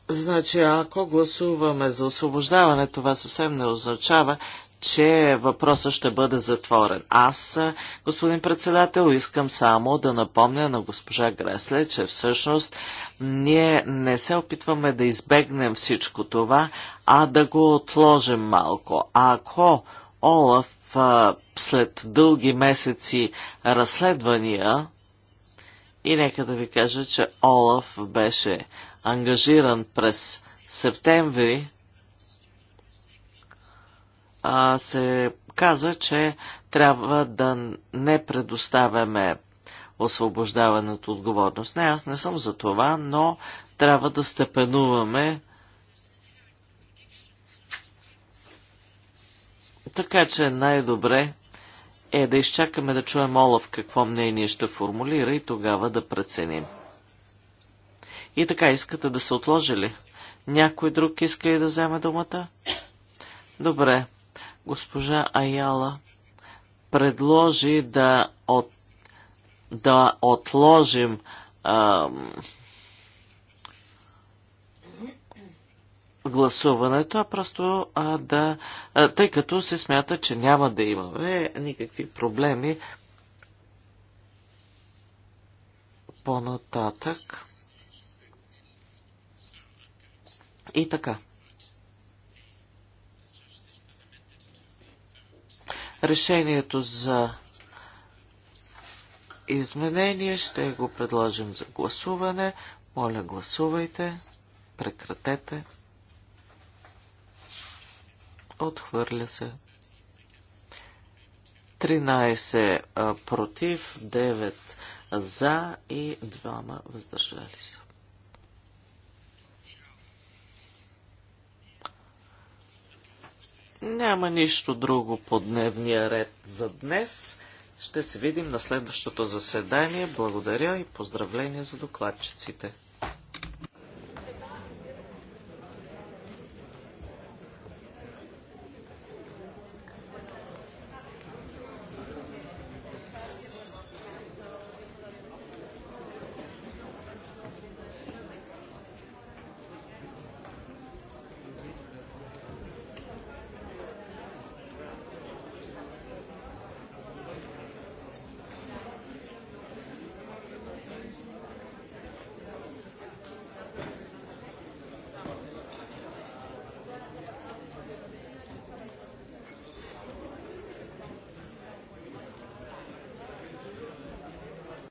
Значи, ако гласуваме за освобождаване, това съвсем не означава, че въпросът ще бъде затворен. Аз, господин председател, искам само да напомня на госпожа Гресле, че всъщност ние не се опитваме да избегнем всичко това, а да го отложим малко. А ако Олаф след дълги месеци разследвания, и нека да ви кажа, че Олаф беше ангажиран през септември а, се каза, че трябва да не предоставяме освобождаването отговорност. Не, аз не съм за това, но трябва да степенуваме така че най-добре е да изчакаме да чуем Олаф какво мнение ще формулира и тогава да преценим. И така искате да се отложили. Някой друг иска и да вземе думата? Добре. Госпожа Аяла предложи да, от, да отложим а, гласуването, а просто а, да, а, тъй като се смята, че няма да имаме никакви проблеми по-нататък. И така. Решението за изменение ще го предложим за гласуване. Моля, гласувайте. Прекратете. Отхвърля се. 13 против, 9 за и 2 въздържали се. Няма нищо друго по дневния ред за днес. Ще се видим на следващото заседание. Благодаря и поздравления за докладчиците.